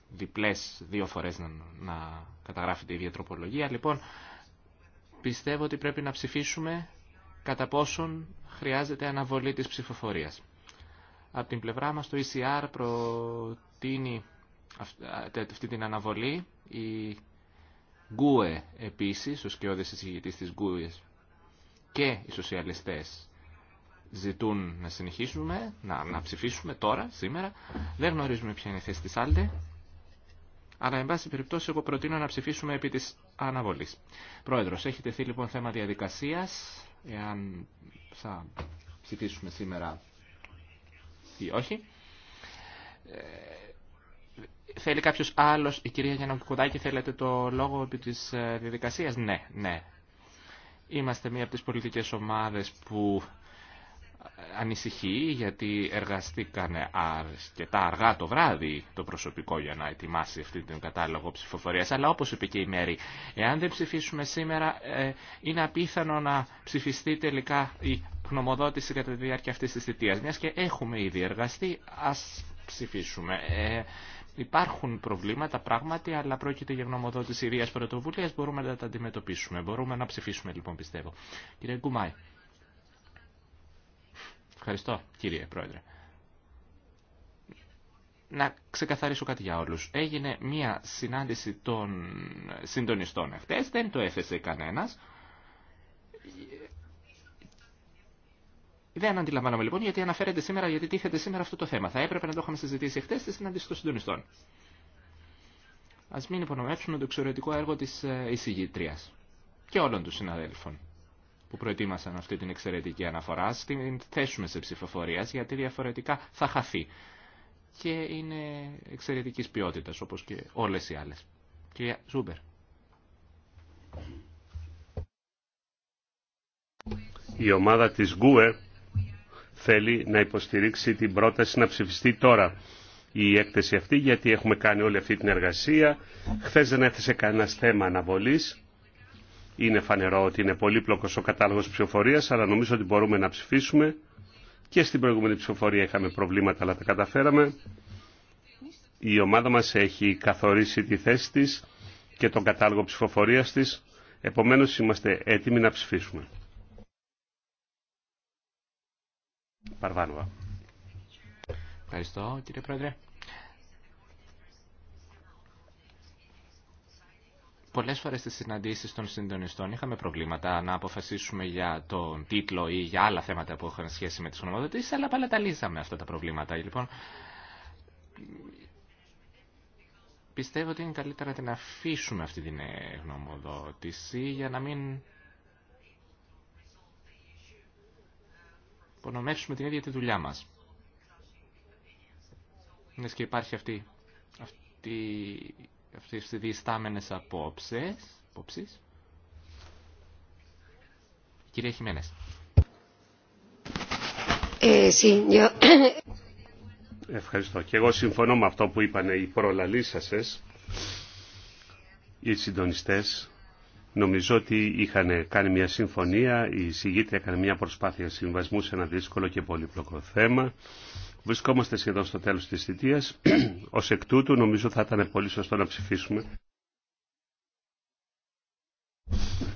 διπλές δύο φορές να, να καταγράφεται η ίδια τροπολογία. Λοιπόν, πιστεύω ότι πρέπει να ψηφίσουμε κατά πόσον χρειάζεται αναβολή της ψηφοφορίας. Από την πλευρά μας το ECR προτείνει αυτή την αναβολή. Η Γκούε επίσης, ο σκιώδης εισηγητής της Γκούε και οι σοσιαλιστές ζητούν να συνεχίσουμε, να, να ψηφίσουμε τώρα, σήμερα. Δεν γνωρίζουμε ποια είναι η θέση της Άλτε. Αλλά, εν πάση περιπτώσει, εγώ προτείνω να ψηφίσουμε επί της αναβολής. Πρόεδρος, έχετε θεί λοιπόν θέμα διαδικασίας εάν θα ψηφίσουμε σήμερα ή όχι. Ε, θέλει κάποιο άλλο, η κυρία Γιανακουδάκη, κουκουδακη θελετε το λόγο επί τη ε, διαδικασία. Ναι, ναι. Είμαστε μία από τι πολιτικέ ομάδε που ανησυχεί γιατί εργαστήκαν αρκετά αργά το βράδυ το προσωπικό για να ετοιμάσει αυτή την κατάλογο ψηφοφορία. Αλλά όπω είπε και η Μέρη, εάν δεν ψηφίσουμε σήμερα, ε, είναι απίθανο να ψηφιστεί τελικά η γνωμοδότηση κατά τη διάρκεια αυτή τη θητεία. Μια και έχουμε ήδη εργαστεί, α ψηφίσουμε. Ε, υπάρχουν προβλήματα πράγματι, αλλά πρόκειται για γνωμοδότηση ιδίας πρωτοβουλία. Μπορούμε να τα αντιμετωπίσουμε. Μπορούμε να ψηφίσουμε, λοιπόν, πιστεύω. Κύριε Γκουμάη. Ευχαριστώ, κύριε Πρόεδρε. Να ξεκαθαρίσω κάτι για όλους. Έγινε μία συνάντηση των συντονιστών εχθές, δεν το έθεσε κανένας. Δεν αντιλαμβάνομαι λοιπόν γιατί αναφέρεται σήμερα, γιατί τίθεται σήμερα αυτό το θέμα. Θα έπρεπε να το είχαμε συζητήσει χθε στη συνάντηση των συντονιστών. Α μην υπονομεύσουμε το εξαιρετικό έργο τη ε, εισηγήτρια και όλων των συναδέλφων που προετοίμασαν αυτή την εξαιρετική αναφορά, την θέσουμε σε ψηφοφορία, γιατί διαφορετικά θα χαθεί. Και είναι εξαιρετικής ποιότητας, όπως και όλες οι άλλες. Κυρία Ζούμπερ. Η ομάδα της Γκουε θέλει να υποστηρίξει την πρόταση να ψηφιστεί τώρα η έκθεση αυτή, γιατί έχουμε κάνει όλη αυτή την εργασία. Χθε δεν έθεσε κανένα θέμα αναβολής είναι φανερό ότι είναι πολύπλοκος ο κατάλογος ψηφοφορίας, αλλά νομίζω ότι μπορούμε να ψηφίσουμε. Και στην προηγούμενη ψηφοφορία είχαμε προβλήματα, αλλά τα καταφέραμε. Η ομάδα μας έχει καθορίσει τη θέση της και τον κατάλογο ψηφοφορίας της. Επομένως, είμαστε έτοιμοι να ψηφίσουμε. Παρβάνοβα. Ευχαριστώ, κύριε Πρόεδρε. Πολλές φορές στις συναντήσεις των συντονιστών είχαμε προβλήματα να αποφασίσουμε για τον τίτλο ή για άλλα θέματα που είχαν σχέση με τι γνωμοδοτήσεις, αλλά παλαταλίζαμε αυτά τα προβλήματα. Λοιπόν, πιστεύω ότι είναι καλύτερα να την αφήσουμε αυτή την ε, γνωμοδότηση για να μην υπονομεύσουμε την ίδια τη δουλειά μας. Ναι, και υπάρχει αυτή, αυτή αυτές τις διστάμενες απόψεις. απόψεις. Κυρία Χιμένες. Ε, Ευχαριστώ. Και εγώ συμφωνώ με αυτό που είπαν οι προλαλήσασες, οι συντονιστές. Νομίζω ότι είχαν κάνει μια συμφωνία, η συγγήτρια έκανε μια προσπάθεια συμβασμού σε ένα δύσκολο και πολύπλοκο θέμα. Βρισκόμαστε σχεδόν στο τέλος της θητείας. Ως εκ τούτου νομίζω θα ήταν πολύ σωστό να ψηφίσουμε.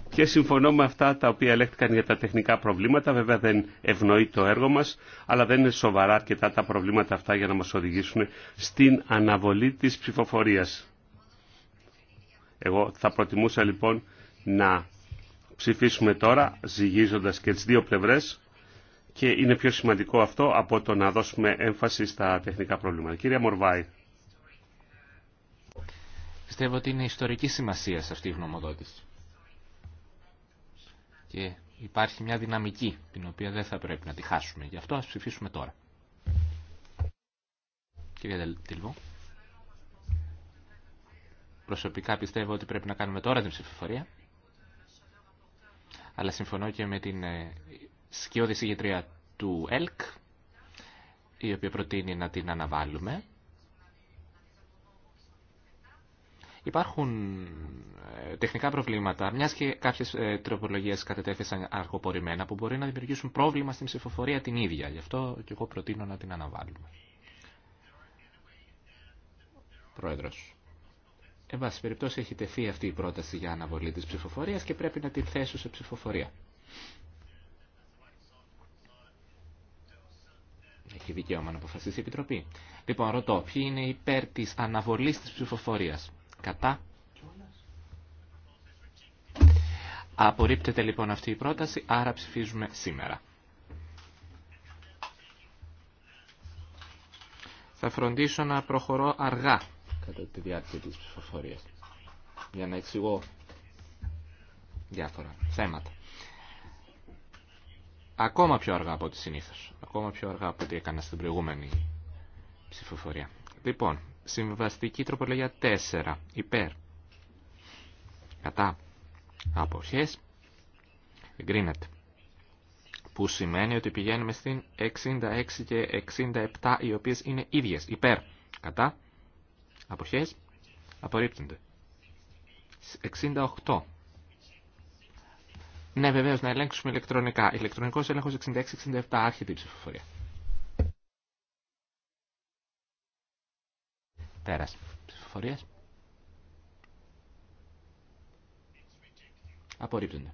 Και συμφωνώ με αυτά τα οποία ελέγχθηκαν για τα τεχνικά προβλήματα. Βέβαια δεν ευνοεί το έργο μας, αλλά δεν είναι σοβαρά αρκετά τα προβλήματα αυτά για να μας οδηγήσουν στην αναβολή της ψηφοφορίας. Εγώ θα προτιμούσα λοιπόν να ψηφίσουμε τώρα, ζυγίζοντας και τις δύο πλευρές, και είναι πιο σημαντικό αυτό από το να δώσουμε έμφαση στα τεχνικά προβλήματα. Κυρία Μορβάη. Πιστεύω ότι είναι ιστορική σημασία σε αυτή η γνωμοδότηση. Και υπάρχει μια δυναμική την οποία δεν θα πρέπει να τη χάσουμε. Γι' αυτό ας ψηφίσουμε τώρα. Κύριε Τελβό. Προσωπικά πιστεύω ότι πρέπει να κάνουμε τώρα την ψηφοφορία. Αλλά συμφωνώ και με την ε, σκιώδη ηγετρία του ΕΛΚ, η οποία προτείνει να την αναβάλουμε. Υπάρχουν ε, τεχνικά προβλήματα, μια και κάποιε τροπολογίε κατετέθησαν αργοπορημένα, που μπορεί να δημιουργήσουν πρόβλημα στην ψηφοφορία την ίδια. Γι' αυτό και εγώ προτείνω να την αναβάλουμε. Πρόεδρος. Εν πάση περιπτώσει έχει τεθεί αυτή η πρόταση για αναβολή της ψηφοφορίας και πρέπει να την θέσω σε ψηφοφορία. Έχει δικαίωμα να αποφασίσει η Επιτροπή. Λοιπόν, ρωτώ, ποιοι είναι υπέρ τη αναβολής της ψηφοφορία. Κατά. Απορρίπτεται λοιπόν αυτή η πρόταση, άρα ψηφίζουμε σήμερα. Θα φροντίσω να προχωρώ αργά κατά τη διάρκεια της ψηφοφορίας για να εξηγώ διάφορα θέματα ακόμα πιο αργά από ό,τι συνήθω. Ακόμα πιο αργά από ό,τι έκανα στην προηγούμενη ψηφοφορία. Λοιπόν, συμβαστική τροπολογία 4. Υπέρ. Κατά. Αποχέ. Εγκρίνεται. Που σημαίνει ότι πηγαίνουμε στην 66 και 67 οι οποίες είναι ίδιες. Υπέρ. Κατά. Αποχέ. Απορρίπτονται. 68. Ναι, βεβαίω, να ελέγξουμε ηλεκτρονικά. Ηλεκτρονικό έλεγχο 66-67, άρχεται η ψηφοφορία. Πέρα. ψηφοφορία. Απορρίπτονται.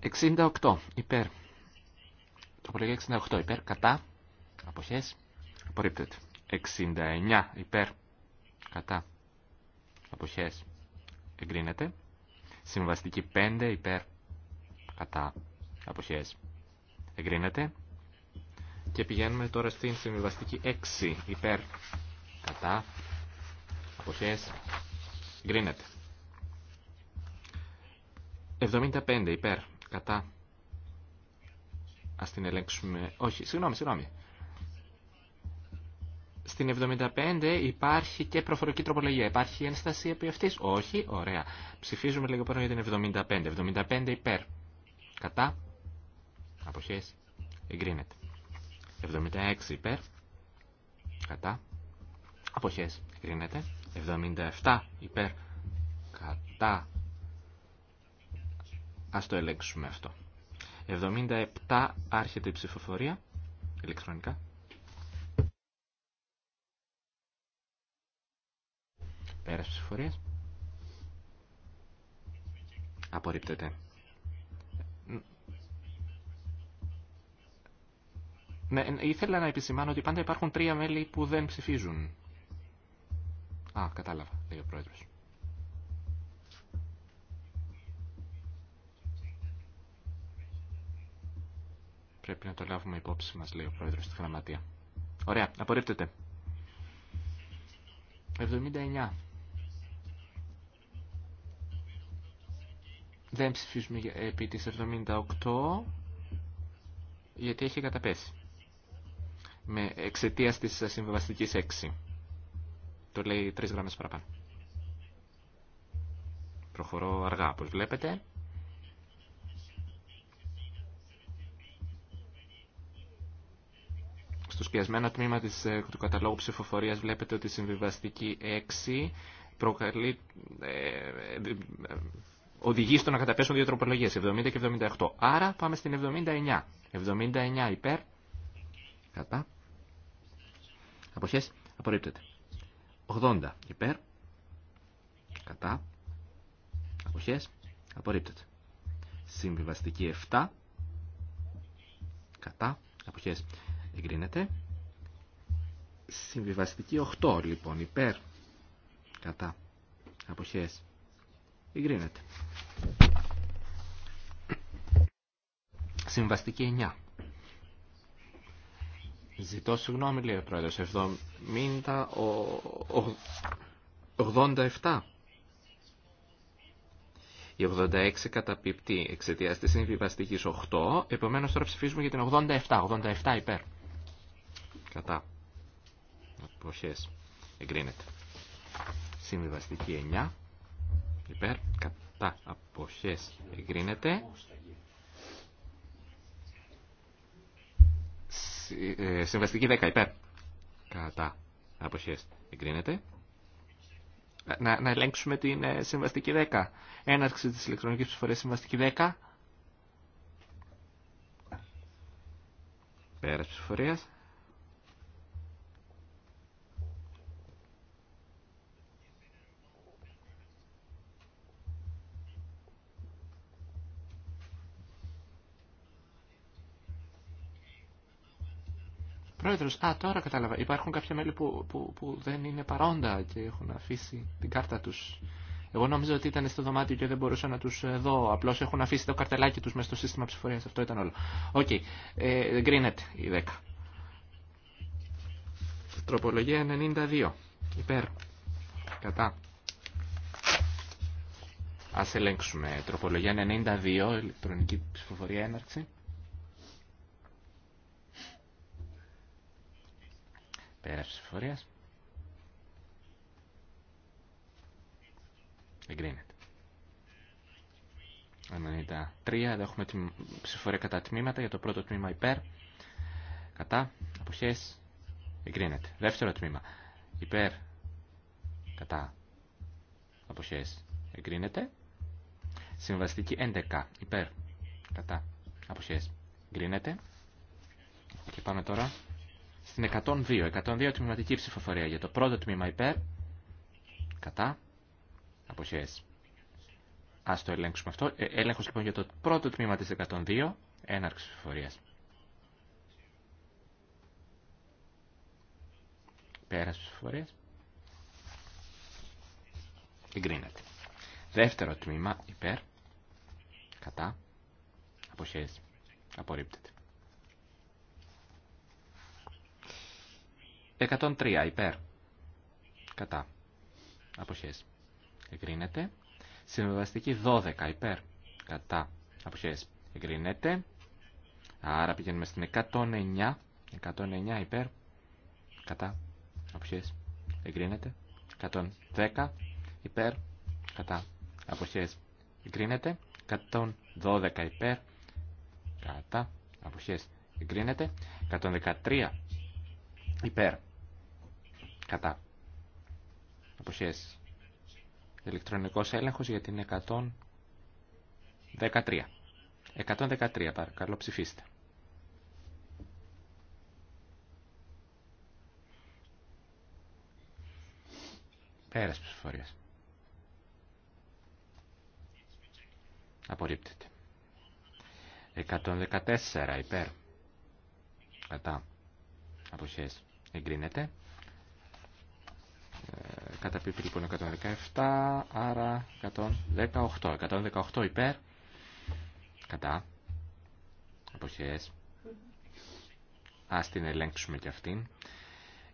Εξήντα Το υπέρ. Τροπολογία 68 υπέρ. Κατά. Αποχές. Απορρίπτεται. 69 υπέρ. Κατά αποχές εγκρίνεται. Συμβαστική 5 υπέρ κατά αποχές εγκρίνεται. Και πηγαίνουμε τώρα στην συμβαστική 6 υπέρ κατά αποχές εγκρίνεται. 75 υπέρ κατά Ας την ελέγξουμε. Όχι, συγγνώμη, συγγνώμη. Στην 75 υπάρχει και προφορική τροπολογία. Υπάρχει ένσταση επί αυτή. Όχι. Ωραία. Ψηφίζουμε λίγο πρώτα για την 75. 75 υπέρ. Κατά. αποχέ. Εγκρίνεται. 76 υπέρ. Κατά. αποχέ. Εγκρίνεται. 77 υπέρ. Κατά. Α το ελέγξουμε αυτό. 77 άρχεται η ψηφοφορία. Ηλεκτρονικά. φορέ. Απορρίπτεται. Ναι, ε, ήθελα να επισημάνω ότι πάντα υπάρχουν τρία μέλη που δεν ψηφίζουν. Α, κατάλαβα, λέει ο πρόεδρος. Πρέπει να το λάβουμε υπόψη μας, λέει ο πρόεδρος στη γραμματεία. Ωραία, απορρίπτεται. 79. Δεν ψηφίζουμε επί της 78 γιατί έχει καταπέσει. Με εξαιτία τη συμβιβαστική 6. Το λέει τρεις γραμμές παραπάνω. Προχωρώ αργά, όπω βλέπετε. Στο σκιασμένο τμήμα της, ε, του καταλόγου ψηφοφορίας βλέπετε ότι η συμβιβαστική 6 προκαλεί, ε, ε, ε οδηγεί στο να καταπέσουν δύο τροπολογίε, 70 και 78. Άρα πάμε στην 79. 79 υπέρ, κατά, αποχέ, απορρίπτεται. 80 υπέρ, κατά, αποχέ, απορρίπτεται. Συμβιβαστική 7, κατά, αποχέ, εγκρίνεται. Συμβιβαστική 8 λοιπόν υπέρ, κατά, αποχές Εγκρίνεται. Συμβαστική 9. Ζητώ συγγνώμη, λέει ο πρόεδρο. 70, 87. Η 86 καταπίπτει εξαιτία τη συμβιβαστική 8. Επομένω τώρα ψηφίζουμε για την 87. 87 υπέρ. Κατά. Αποχέ. Εγκρίνεται. Συμβιβαστική 9 υπέρ, κατά αποχές εγκρίνεται. Ε, συμβαστική 10 υπέρ, κατά αποχές εγκρίνεται. Να, να ελέγξουμε την ε, συμβαστική 10. Έναρξη της ηλεκτρονικής ψηφορίας συμβαστική 10. Πέρας ψηφορίας. Πρόεδρος, α, τώρα κατάλαβα. Υπάρχουν κάποια μέλη που, που, που δεν είναι παρόντα και έχουν αφήσει την κάρτα του. Εγώ νόμιζα ότι ήταν στο δωμάτιο και δεν μπορούσα να του ε, δω. Απλώ έχουν αφήσει το καρτελάκι του μέσα στο σύστημα ψηφορία. Αυτό ήταν όλο. Οκ. Okay. Ε, η 10. Τροπολογία 92. Υπέρ. Κατά. Ας ελέγξουμε. Τροπολογία 92. Ηλεκτρονική ψηφοφορία έναρξη. Πέρας ψηφοφορίας. Εγκρίνεται. 93. Εδώ έχουμε τη ψηφορία κατά τμήματα. Για το πρώτο τμήμα υπέρ. Κατά. Αποχές. Εγκρίνεται. Δεύτερο τμήμα. Υπέρ. Κατά. Αποχές. Εγκρίνεται. Συμβαστική 11. Υπέρ. Κατά. Αποχές. Εγκρίνεται. Και πάμε τώρα στην 102. 102 τμηματική ψηφοφορία για το πρώτο τμήμα υπέρ. Κατά. Αποχές. Ας το ελέγξουμε αυτό. Ε, έλεγχος λοιπόν για το πρώτο τμήμα της 102. Έναρξη ψηφοφορίας. Πέρας ψηφοφορίας. Εγκρίνεται. Δεύτερο τμήμα υπέρ. Κατά. Αποχές. Απορρίπτεται. 103 υπέρ. Κατά. Αποχές. Εγκρίνεται. Συμβεβαστική 12 υπέρ. Κατά. Αποχές. Εγκρίνεται. Άρα πηγαίνουμε στην 109. 109 υπέρ. Κατά. Αποχές. Εγκρίνεται. 110 υπέρ. Κατά. Αποχές. Εγκρίνεται. 112 υπέρ. Κατά. Αποχές. Εγκρίνεται. 113 υπέρ. Κατά. Ελεκτρονικό Ηλεκτρονικός έλεγχος για την 113. 113 παρακαλώ ψηφίστε. Πέρας ψηφοφορίας. Απορρίπτεται. 114 υπέρ. Κατά. Αποχές. Εγκρίνεται. Ε, κατά πίπτη λοιπόν 117, άρα 118. 118 υπέρ, κατά, εποχές. Ας την ελέγξουμε και αυτήν.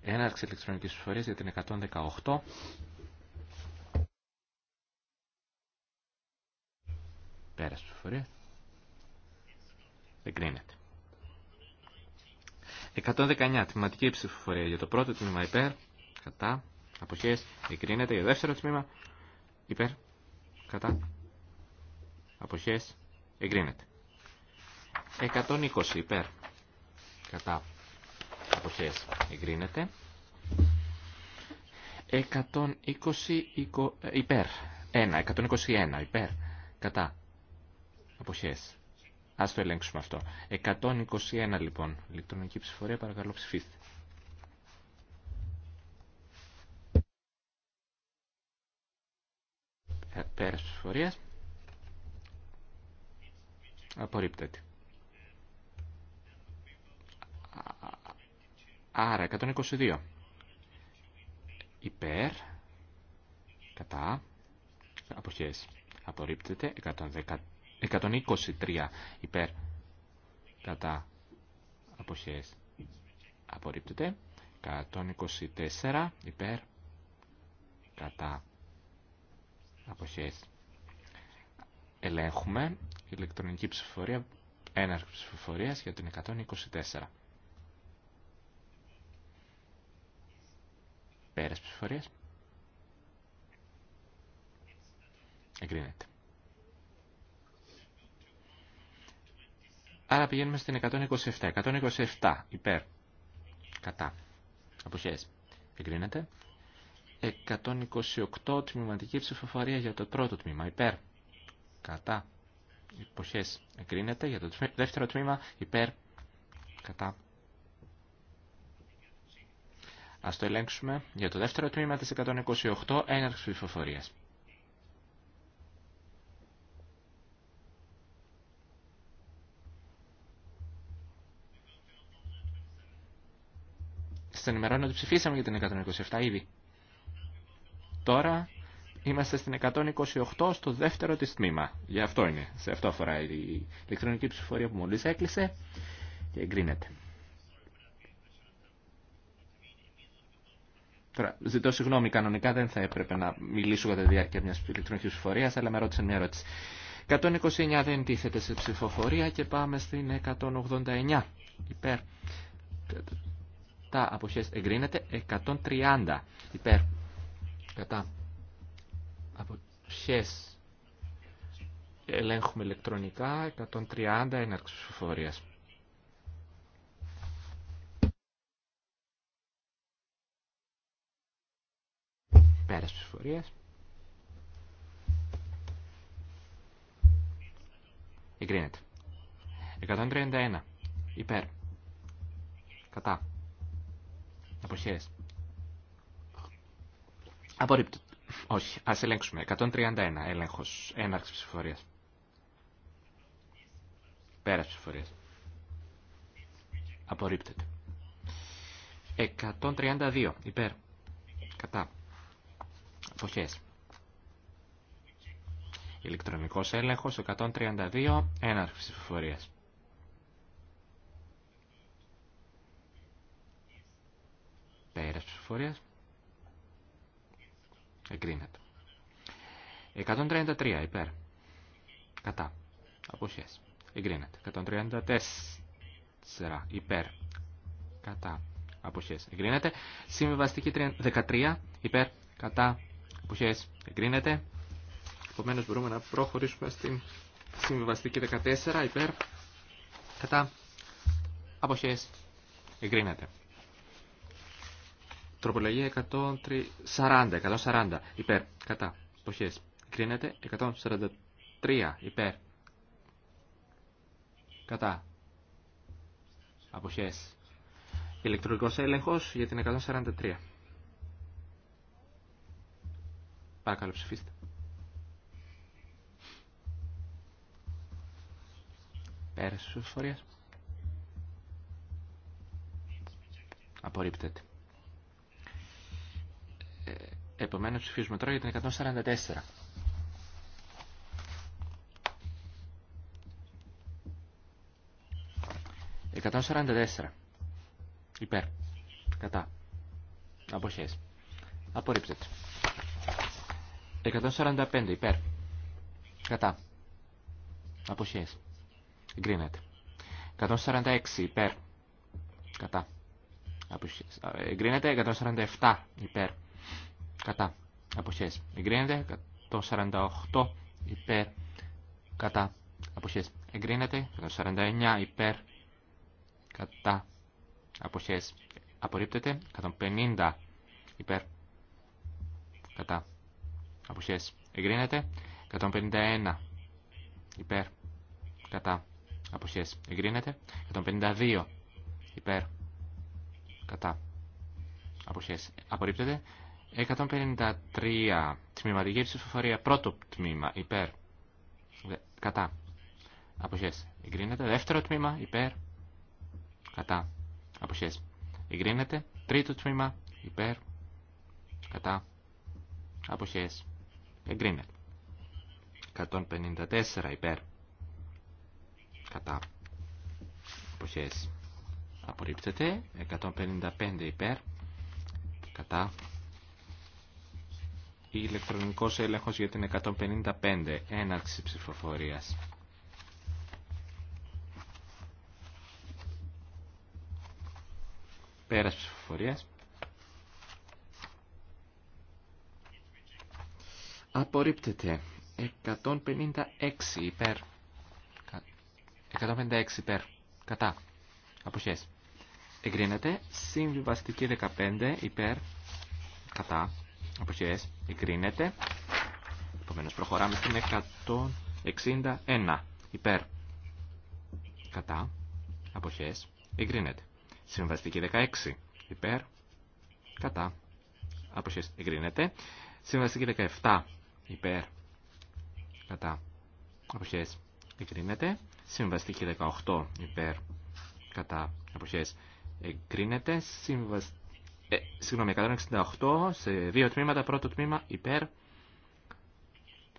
Έναρξη ηλεκτρονικής φορές για την 118. Πέρας δεν Εγκρίνεται. 119. Τιματική ψηφοφορία για το πρώτο τμήμα υπέρ, κατά, Αποχές. Εγκρίνεται. Για δεύτερο τμήμα. Υπέρ. Κατά. Αποχές. Εγκρίνεται. 120 υπέρ. Κατά. Αποχές. Εγκρίνεται. 120 ε, υπέρ. 1. 121 υπέρ. Κατά. Αποχές. Ας το ελέγξουμε αυτό. 121 λοιπόν. Ηλεκτρονική ψηφορία παρακαλώ ψηφίστε. Πέρας φορείας Απορρίπτεται. Άρα 122. Υπέρ. Κατά. Αποχές. Απορρίπτεται. 110, 123. Υπέρ. Κατά. Αποχές. Απορρίπτεται. 124. Υπέρ. Κατά. Ελέγχουμε ηλεκτρονική ψηφοφορία, έναρξη ψηφοφορία για την 124. Πέρας ψηφοφορίας. Εγκρίνεται. Άρα πηγαίνουμε στην 127. 127 υπέρ. Κατά. Αποχές. Εγκρίνεται. 128 τμηματική ψηφοφορία για το πρώτο τμήμα. Υπέρ. Κατά. Υποχές. Εγκρίνεται για το δεύτερο τμήμα. Υπέρ. Κατά. Ας το ελέγξουμε για το δεύτερο τμήμα της 128 έναρξη ψηφοφορίας. Σας ενημερώνω ότι ψηφίσαμε για την 127 ήδη. Τώρα είμαστε στην 128 στο δεύτερο της τμήμα. Γι' αυτό είναι. Σε αυτό αφορά η ηλεκτρονική ψηφορία που μόλις έκλεισε και εγκρίνεται. Τώρα, ζητώ συγγνώμη, κανονικά δεν θα έπρεπε να μιλήσω κατά τη διάρκεια μια ηλεκτρονική ψηφοφορία, αλλά με ρώτησαν μια ερώτηση. 129 δεν τίθεται σε ψηφοφορία και πάμε στην 189. Υπέρ. Τα αποχές εγκρίνεται. 130 υπέρ Κατά. Από ποιες ελέγχουμε ηλεκτρονικά 130 έναρξη ψηφοφορίας. Πέρας ψηφοφορίας. Εγκρίνεται. 131. Υπέρ. Κατά. Αποχές. Απορρίπτεται. Όχι, Α ελέγξουμε. 131, έλεγχος, έναρξη ψηφοφορία. Πέρας ψηφοφορίας. Απορρίπτεται. 132, υπέρ. Κατά. Φοχέ. Ηλεκτρονικός έλεγχος, 132, έναρξη ψηφοφορίας. Πέρας ψηφοφορίας. Εγκρίνεται. 133 υπέρ. Κατά. Αποχές. Εγκρίνεται. 134 υπέρ. Κατά. Αποχές. Εγκρίνεται. Συμβιβαστική 13 υπέρ. Κατά. Αποχές. Εγκρίνεται. Επομένως μπορούμε να προχωρήσουμε στην συμβιβαστική 14 υπέρ. Κατά. Αποχές. Εγκρίνεται. Τροπολογία 140, 140 υπέρ, κατά, εποχές. Κρίνεται 143 υπέρ, κατά, εποχές, Ηλεκτρονικός έλεγχος για την 143. Παρακαλώ ψηφίστε. Πέρασε της Απορρίπτεται. Ε, επομένως ψηφίζουμε τώρα για την 144. 144. Υπέρ. Κατά. Αποχές. απορρίψετε. 145. Υπέρ. Κατά. Αποχές. Εγκρίνεται. 146. Υπέρ. Κατά. Ε, εγκρίνεται. 147. Υπέρ κατά αποχές εγκρίνεται 148 υπέρ κατά αποχές εγκρίνεται 149 υπέρ κατά αποχές απορρίπτεται 150 υπέρ κατά αποχές εγκρίνεται 151 υπέρ κατά αποχές εγκρίνεται 152 υπέρ κατά αποχές απορρίπτεται 153 τμήματική ψηφοφορία. Πρώτο τμήμα υπέρ. Κατά. Αποχές. Εγκρίνεται. Δεύτερο τμήμα υπέρ. Κατά. Αποχές. Εγκρίνεται. Τρίτο τμήμα υπέρ. Κατά. Αποχές. Εγκρίνεται. 154 υπέρ. Κατά. Αποχές. Απορρίπτεται. 155 υπέρ. Κατά η ηλεκτρονικός έλεγχος για την 155 έναρξη ψηφοφορίας. Πέρας ψηφοφορίας. Απορρίπτεται. 156 υπέρ. 156 υπέρ. Κατά. Αποχές. Εγκρίνεται. Συμβιβαστική 15 υπέρ. Κατά. Αποχές εγκρίνεται. Επομένως προχωράμε στην 161. Υπέρ. Κατά. Αποχές εγκρίνεται. Συμβαστική 16. Υπέρ. Κατά. Αποχές εγκρίνεται. Συμβαστική 17. Υπέρ. Κατά. Αποχές εγκρίνεται. Συμβαστική 18. Υπέρ. Κατά. Αποχές εγκρίνεται. Συμβαστική ε, συγγνώμη, 168 σε δύο τμήματα. Πρώτο τμήμα υπέρ.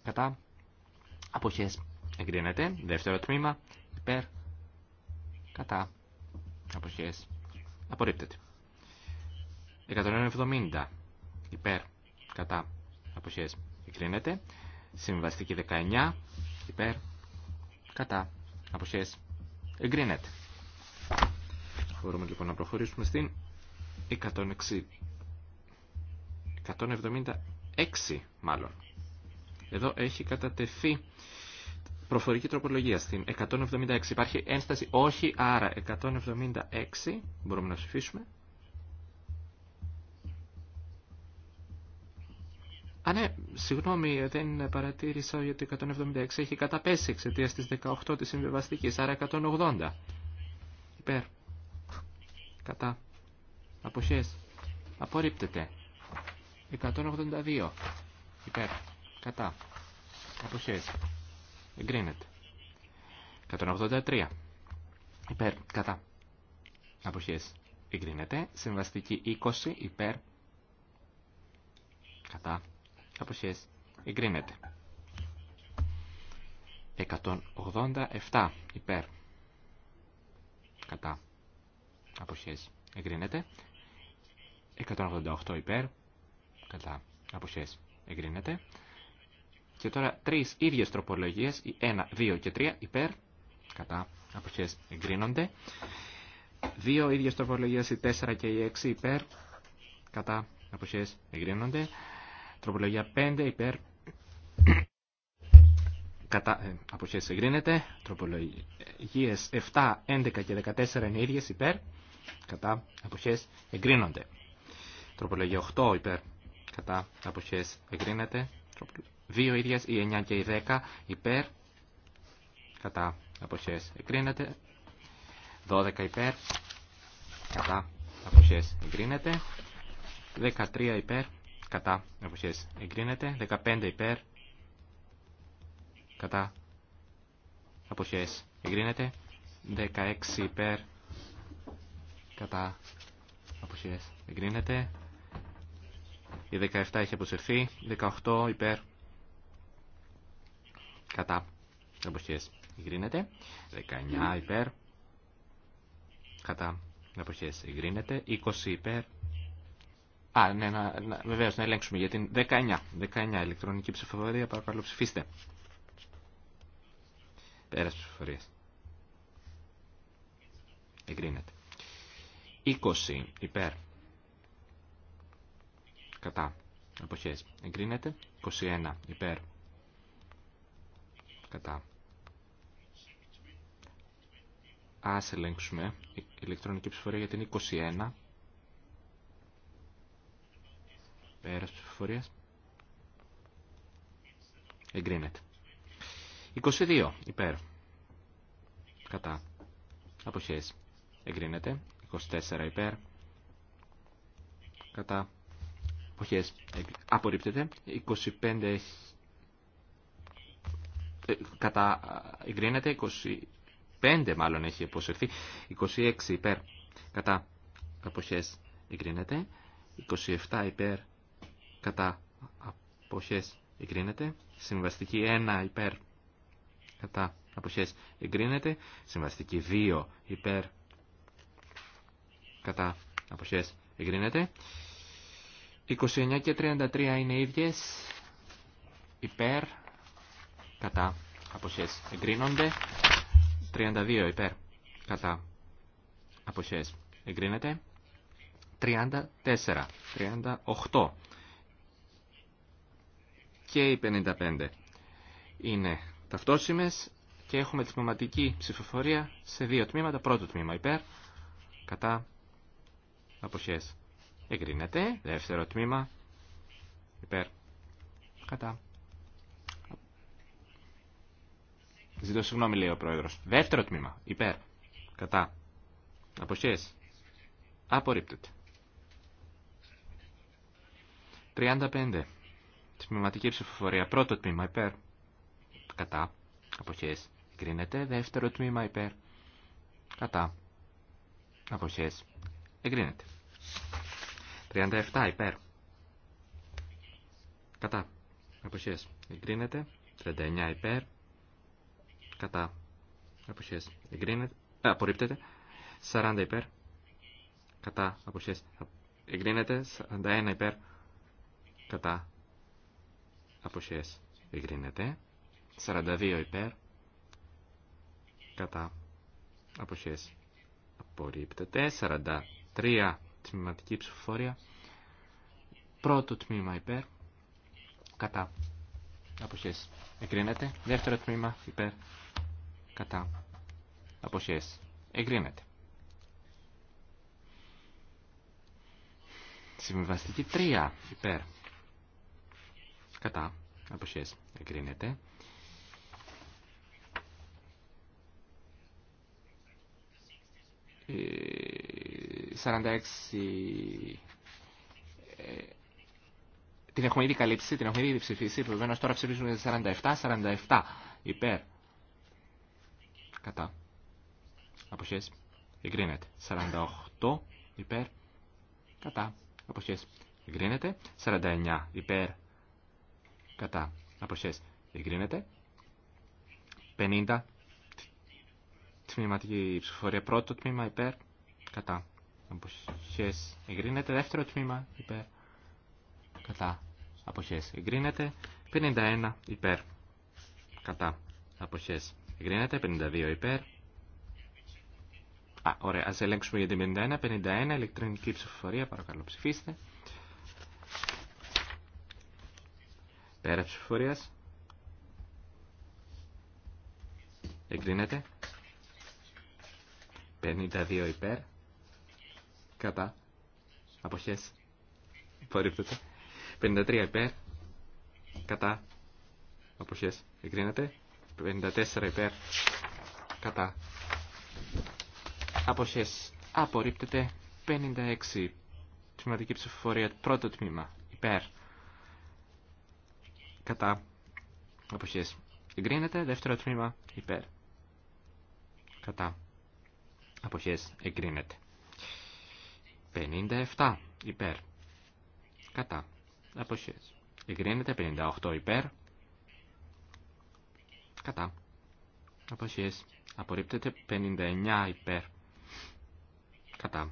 Κατά. αποχέ εγκρίνεται. Δεύτερο τμήμα υπέρ. Κατά. αποχέ απορρίπτεται. 170 υπέρ. Κατά. αποχέ εγκρίνεται. Συμβαστική 19 υπέρ. Κατά. αποχέ εγκρίνεται. Μπορούμε λοιπόν να προχωρήσουμε στην 160, 176 μάλλον. Εδώ έχει κατατεθεί προφορική τροπολογία στην 176. Υπάρχει ένσταση όχι, άρα 176 μπορούμε να ψηφίσουμε. Α, ναι, συγγνώμη, δεν παρατήρησα ότι 176 έχει καταπέσει εξαιτία τη 18 τη συμβιβαστική, άρα 180. Υπέρ. Κατά. Αποχές. Απορρίπτεται. 182. Υπέρ. Κατά. Αποχές. Εγκρίνεται. 183. Υπέρ. Κατά. Αποχές. Εγκρίνεται. Συμβαστική 20. Υπέρ. Κατά. Αποχές. Εγκρίνεται. 187. Υπέρ. Κατά. Αποχές. Εγκρίνεται. 188 υπέρ, κατά αποχές εγκρίνεται. Και τώρα τρεις ίδιες τροπολογίες, Η 1, 2 και 3 υπέρ, κατά αποχές εγκρίνονται. Δύο ίδιες τροπολογίες, Η 4 και η 6 υπέρ, κατά αποχές εγκρίνονται. Τροπολογία 5 υπέρ, κατά ε, αποχές εγκρίνεται. Τροπολογίες 7, 11 και 14 είναι ίδιες υπέρ, κατά αποχές εγκρίνονται. Τροπολογία 8 υπέρ κατά αποχές εγκρίνεται. 2 ίδιες, η 9 και η 10 υπέρ κατά αποχές εγκρίνεται. 12 υπέρ κατά αποχές εγκρίνεται. 13 υπέρ κατά αποχές εγκρίνεται. 15 υπέρ κατά αποχές εγκρίνεται. 16 υπέρ κατά αποχές εγκρίνεται. Η 17 έχει αποσυρθεί. 18 υπέρ. Κατά. εποχέ Εγκρίνεται. 19 υπέρ. Κατά. εποχέ Εγκρίνεται. 20 υπέρ. Α, ναι, να, να, βεβαίως να ελέγξουμε για την 19. 19 ηλεκτρονική ψηφοφορία. Παρακαλώ ψηφίστε. Πέρας ψηφοφορίες. Εγκρίνεται. 20 υπέρ κατά αποχές εγκρίνεται 21 υπέρ κατά Ας ελέγξουμε η ηλεκτρονική ψηφορία για την 21 πέρας ψηφοφορίας εγκρίνεται 22 υπέρ κατά αποχές εγκρίνεται 24 υπέρ κατά εποχές Απορρίπτεται. 25 ε, κατά εγκρίνεται. 25 μάλλον έχει αποσυρθεί. 26 υπέρ κατά αποχές εγκρίνεται. 27 υπέρ κατά αποχές εγκρίνεται. Συμβαστική 1 υπέρ κατά αποχές εγκρίνεται. Συμβαστική 2 υπέρ κατά αποχές εγκρίνεται. 29 και 33 είναι ίδιες. Υπέρ. Κατά. αποσχέσεις Εγκρίνονται. 32 υπέρ. Κατά. αποσχέσεις Εγκρίνεται. 34. 38. Και οι 55 είναι ταυτόσιμες και έχουμε τη πνευματική ψηφοφορία σε δύο τμήματα. Πρώτο τμήμα υπέρ, κατά, αποσχέσεις. Εγκρίνεται. Δεύτερο τμήμα. Υπέρ. Κατά. Ζητώ συγγνώμη, λέει ο πρόεδρο. Δεύτερο τμήμα. Υπέρ. Κατά. Αποχέ. Απορρίπτεται. 35. Τμηματική ψηφοφορία. Πρώτο τμήμα. Υπέρ. Κατά. Αποχέ. Εγκρίνεται. Δεύτερο τμήμα. Υπέρ. Κατά. Αποχέ. Εγκρίνεται. 37 υπέρ. Κατά. Αποχές. Εγκρίνεται. 39 υπέρ. Κατά. Αποχές. Εγκρίνεται. Α, απορρίπτεται. 40 υπέρ. Κατά. Αποχές. Εγκρίνεται. 41 υπέρ. Κατά. Αποχές. Εγκρίνεται. 42 υπέρ. Κατά. Αποχές. Απορρίπτεται. 43 τμηματική ψηφοφορία. Πρώτο τμήμα υπέρ, κατά, αποχές, εγκρίνεται. Δεύτερο τμήμα υπέρ, κατά, αποχές, εγκρίνεται. Συμβιβαστική 3 υπέρ, κατά, αποχές, εγκρίνεται. Ε, 46 ε, την έχουμε ήδη καλύψει, την έχουμε ήδη ψηφίσει, επομένως τώρα ψηφίζουμε 47, 47 υπέρ. Κατά. Αποχές. Εγκρίνεται. 48 υπέρ. Κατά. Αποχές. Εγκρίνεται. 49 υπέρ. Κατά. Αποχές. Εγκρίνεται. 50. Τμήματική ψηφοφορία. Πρώτο τμήμα υπέρ. Κατά αποχές εγκρίνεται. Δεύτερο τμήμα υπέρ κατά αποχές εγκρίνεται. 51 υπέρ κατά αποχές εγκρίνεται. 52 υπέρ. Α, ωραία, ας ελέγξουμε για την 51. 51 ηλεκτρονική ψηφοφορία, παρακαλώ ψηφίστε. Πέρα ψηφοφορίας. Εγκρίνεται. 52 υπέρ. Κατά. Αποχές. Απορρίπτεται. 53 υπέρ. Κατά. Αποχές. Εγκρίνεται. 54 υπέρ. Κατά. Αποχές. Απορρίπτεται. 56. Τμηματική ψηφοφορία. Πρώτο τμήμα. Υπέρ. Κατά. Αποχές. Εγκρίνεται. Δεύτερο τμήμα. Υπέρ. Κατά. Αποχές. Εγκρίνεται. 57 υπέρ. Κατά. Αποχές. Εγκρίνεται 58 υπέρ. Κατά. Αποχές. Απορρίπτεται 59 υπέρ. Κατά.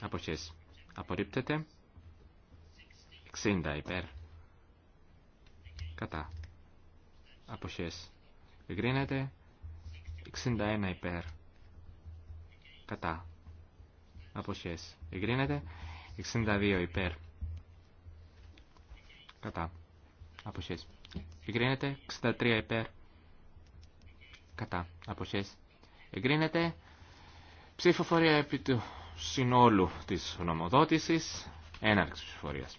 Αποχές. Απορρίπτεται 60 υπέρ. Κατά. Αποχές. Εγκρίνεται 61 υπέρ. Κατά αποχές εγκρίνεται 62 υπέρ κατά αποχές εγκρίνεται 63 υπέρ κατά αποχές εγκρίνεται ψηφοφορία επί του συνόλου της νομοδότησης έναρξη ψηφοφορίας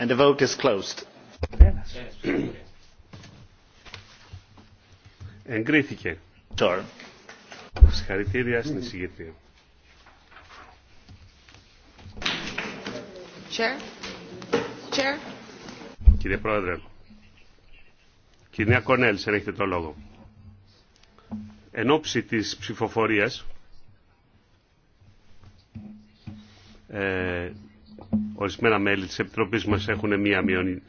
And the vote is closed. Εγκρίθηκε. Τώρα. Συγχαρητήρια στην εισηγητή. Chair. Κύριε Πρόεδρε, κυρία Κονέλ, σε έχετε το λόγο. Εν ώψη της ψηφοφορίας, ε, ορισμένα μέλη της Επιτροπής μας έχουν μια μειωνοτική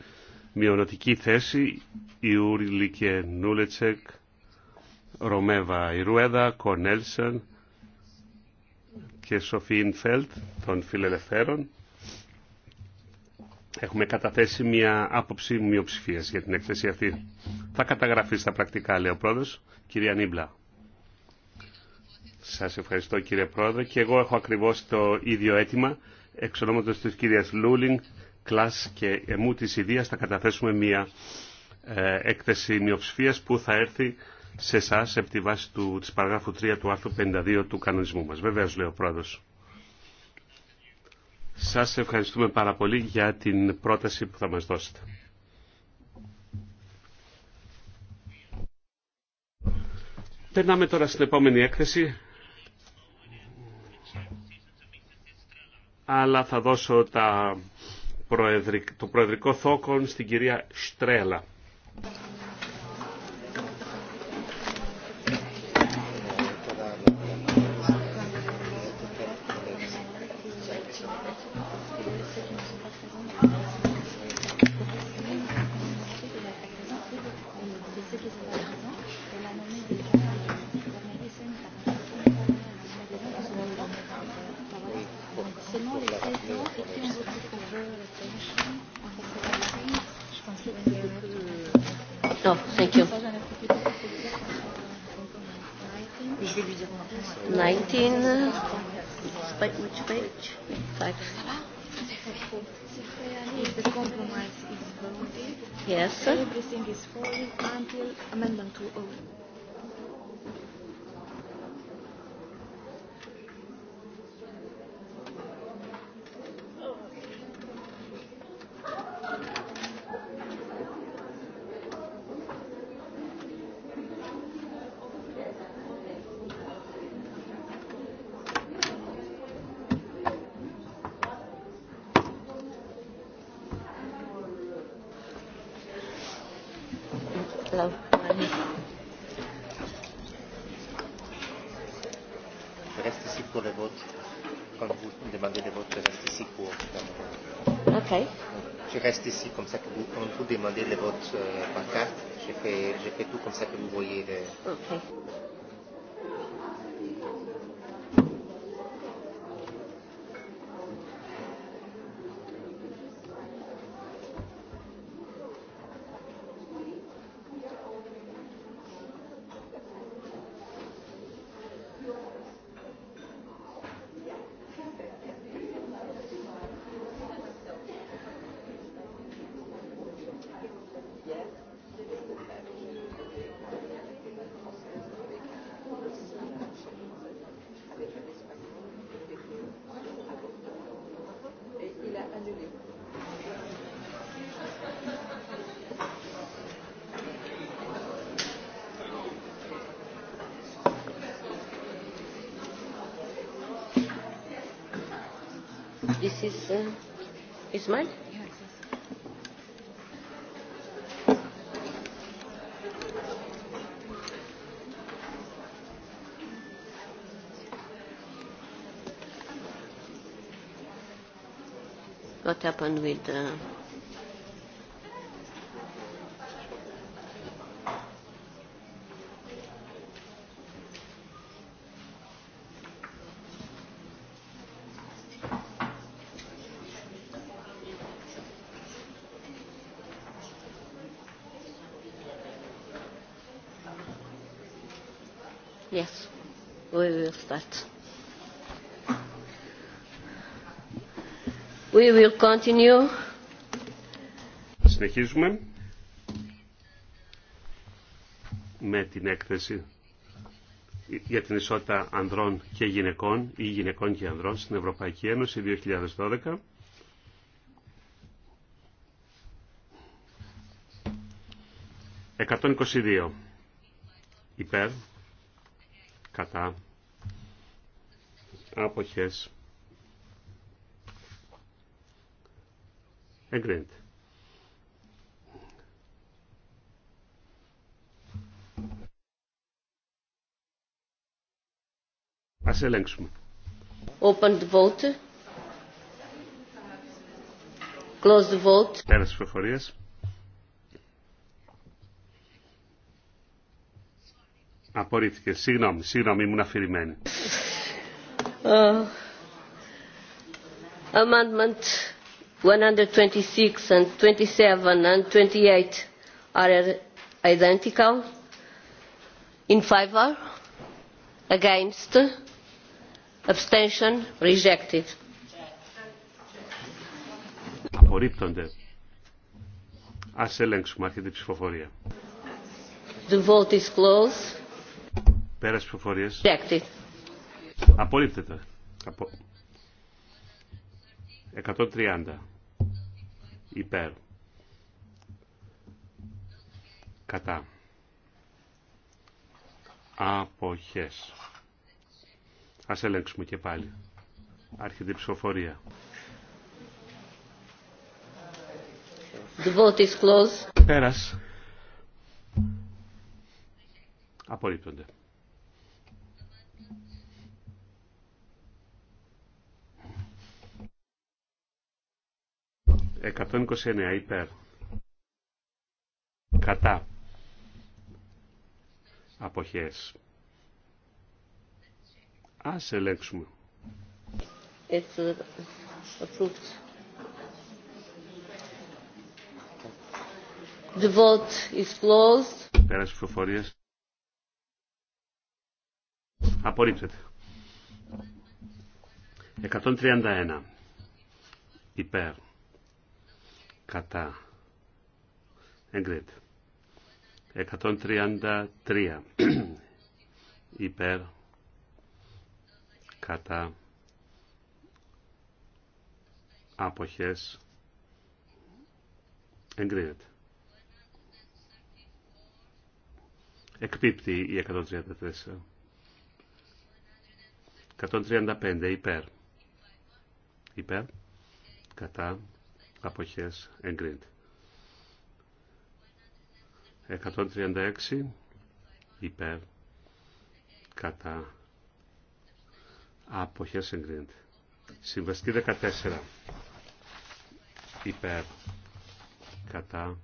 μειονοτική θέση, η Ούριλη και Νούλετσεκ, Ρωμέβα Ιρουέδα, Κονέλσεν και Σοφίν Ινφέλτ των Φιλελευθέρων. Έχουμε καταθέσει μια άποψη μειοψηφία για την έκθεση αυτή. Θα καταγραφεί στα πρακτικά, λέει ο πρόεδρο, κυρία Νίμπλα. Σα ευχαριστώ κύριε πρόεδρε και εγώ έχω ακριβώ το ίδιο αίτημα. Εξ ονόματο τη κυρία Λούλινγκ, Κλά και εμού τη Ιδία θα καταθέσουμε μια ε, έκθεση μειοψηφία που θα έρθει σε εσά επί τη βάση του, της παραγράφου 3 του άρθρου 52 του κανονισμού μας. Βεβαίως, λέει ο πρόεδρος. Σας ευχαριστούμε πάρα πολύ για την πρόταση που θα μας δώσετε. Περνάμε τώρα στην επόμενη έκθεση. Αλλά θα δώσω τα το προεδρικό θόκον στην κυρία Στρέλα. This is uh, is mine. What happened with? Uh, Συνεχίζουμε με την έκθεση για την ισότητα ανδρών και γυναικών ή γυναικών και ανδρών στην Ευρωπαϊκή Ένωση 2012. 122 υπέρ κατά αποχές Εγκρίνεται. Ας ελέγξουμε. Open the vote. Close the vote. Πέρας προφορίας. Απορρίφθηκε. Συγγνώμη, συγγνώμη, ήμουν αφηρημένη. Uh, amendment 126 and 27 and 28 are identical. In favour? Against? Abstention? Rejected. Απορρίπτονται. Ας ελέγξουμε αρχή την ψηφοφορία. The vote is closed. Πέρας ψηφοφορίας. Rejected. Απορρίπτεται. Απο... 130 υπέρ κατά αποχές ας ελέγξουμε και πάλι άρχεται ψηφοφορία The Πέρας. Απορρίπτονται. 129 υπέρ. Κατά. Αποχές. Ας ελέγξουμε. Uh, The vote is closed. Πέρασε φοφορίες. Απορρίπτεται. 131. Υπέρ κατά εγκρίνεται 133 υπέρ κατά άποχες εγκρίνεται εκπίπτει η 134 135 υπέρ υπέρ κατά αποχές εγκρίνεται. 136 υπέρ κατά αποχές εγκρίνεται. Συμβαστή 14 υπέρ κατά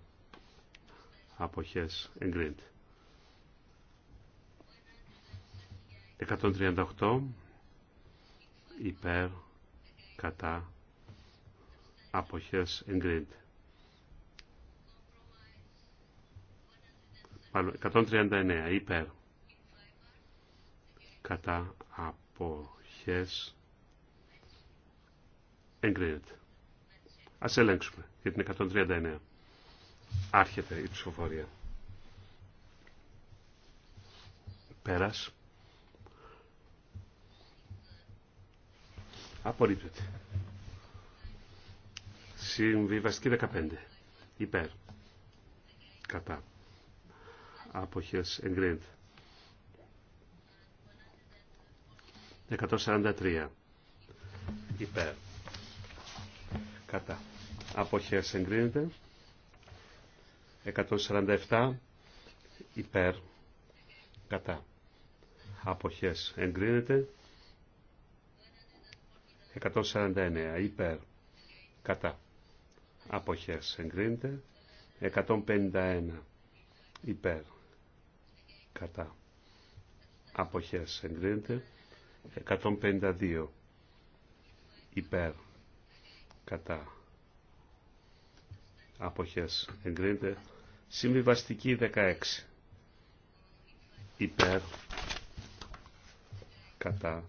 αποχές εγκρίνεται. 138 υπέρ κατά αποχές εγκρίνεται. 139 υπέρ κατά αποχές εγκρίνεται. Ας ελέγξουμε για την 139. Άρχεται η ψηφοφορία. Πέρας. Απορρίπτεται. Συμβιβαστική 15. Υπέρ. Κατά. Αποχές εγκρίνεται. 143. Υπέρ. Κατά. Αποχές εγκρίνεται. 147. Υπέρ. Κατά. Αποχές εγκρίνεται. 149. Υπέρ. Κατά αποχές εγκρίνεται 151 υπέρ κατά αποχές εγκρίνεται 152 υπέρ κατά αποχές εγκρίνεται συμβιβαστική 16 υπέρ κατά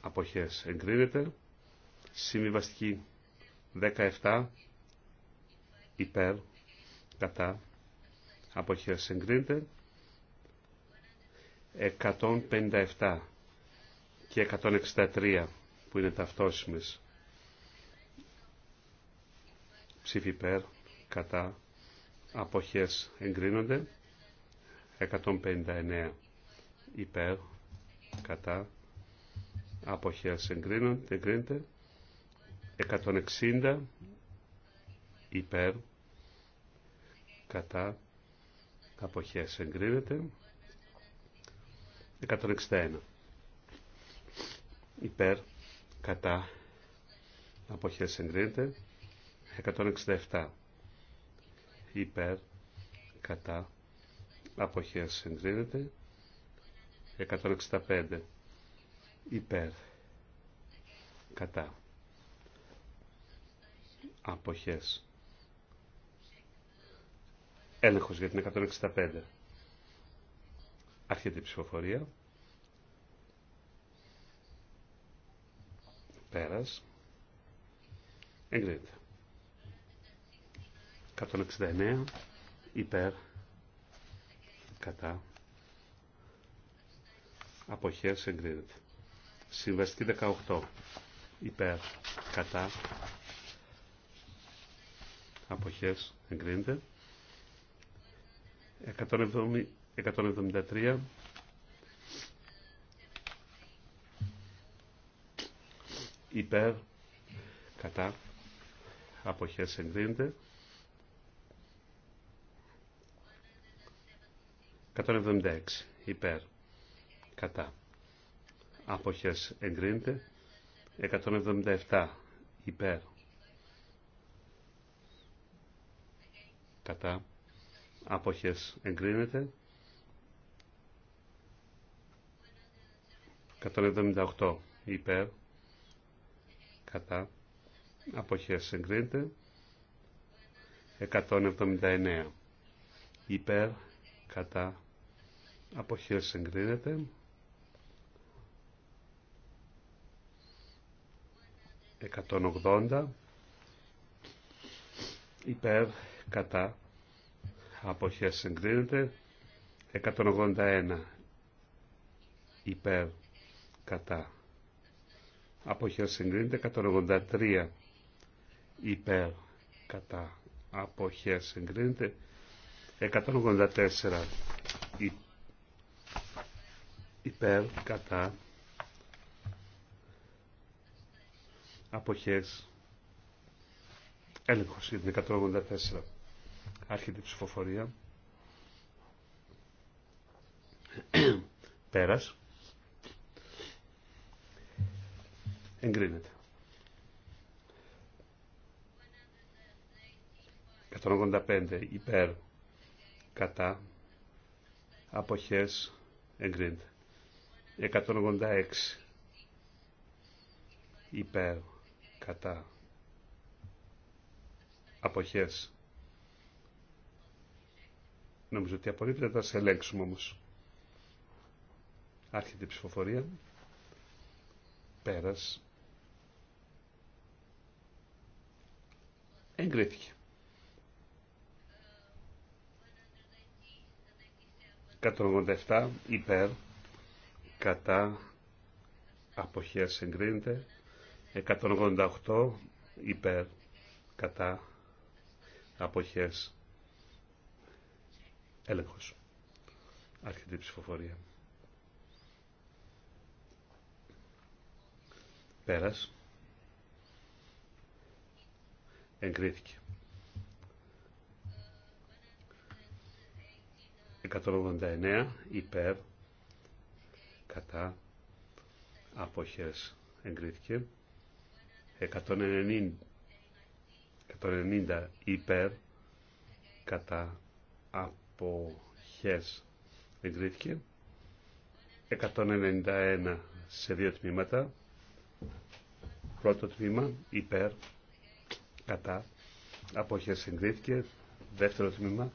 αποχές εγκρίνεται συμβιβαστική 17 υπέρ κατά αποχές εγκρίνεται 157 και 163 που είναι ταυτόσιμες ψήφι υπέρ κατά αποχές εγκρίνονται 159 υπέρ κατά αποχές εγκρίνονται εγκρίνεται 160 υπέρ κατά αποχές εγκρίνεται 161 υπέρ κατά αποχές εγκρίνεται 167 υπέρ κατά αποχές εγκρίνεται 165 υπέρ κατά αποχές. Έλεγχος για την 165. Άρχεται η ψηφοφορία. Πέρας. Εγκρίνεται. 169 υπέρ κατά αποχές εγκρίνεται. Συμβαστική 18 υπέρ κατά αποχές εγκρίνεται 173 υπέρ κατά αποχές εγκρίνεται 176 υπέρ κατά αποχές εγκρίνεται 177 υπέρ κατά αποχές εγκρίνεται 178 υπέρ κατά αποχές εγκρίνεται 179 υπέρ κατά αποχές εγκρίνεται 180 υπέρ κατά αποχές συγκρίνεται, 181 υπέρ κατά αποχές συγκρίνεται, 183 υπέρ κατά αποχές συγκρίνεται, 184 υπέρ κατά αποχές έλεγχος είναι 184 Άρχεται η ψηφοφορία. Πέρας. Εγκρίνεται. 185 υπέρ κατά αποχές εγκρίνεται. 186 υπέρ κατά αποχές Νομίζω ότι απορρίπτεται, θα σε ελέγξουμε όμως. Άρχεται η ψηφοφορία. πέρα Εγκρίθηκε. 187 υπέρ κατά αποχές εγκρίνεται 188 υπέρ κατά αποχές Έλεγχος. Άρχεται ψηφοφορία. Πέρας. Εγκρίθηκε. 189 υπέρ κατά αποχές εγκρίθηκε 190 190 υπέρ κατά αποχές εγκρίθηκε 191 σε δύο τμήματα πρώτο τμήμα υπέρ κατά αποχές εγκρίθηκε δεύτερο τμήμα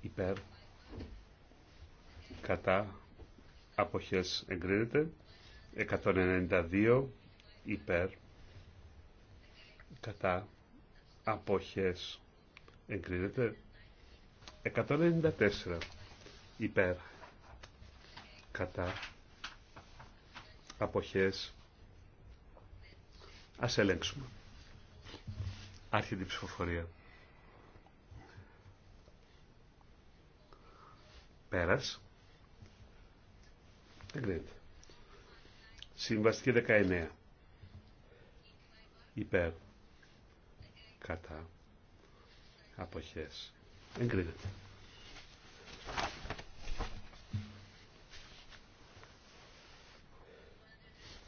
υπέρ κατά αποχές εγκρίνεται 192 υπέρ κατά αποχές εγκρίνεται 194 υπέρ κατά αποχές ας ελέγξουμε άρχεται η ψηφοφορία πέρας εγκρίνεται συμβαστική 19 υπέρ κατά αποχές Εγκρίνεται.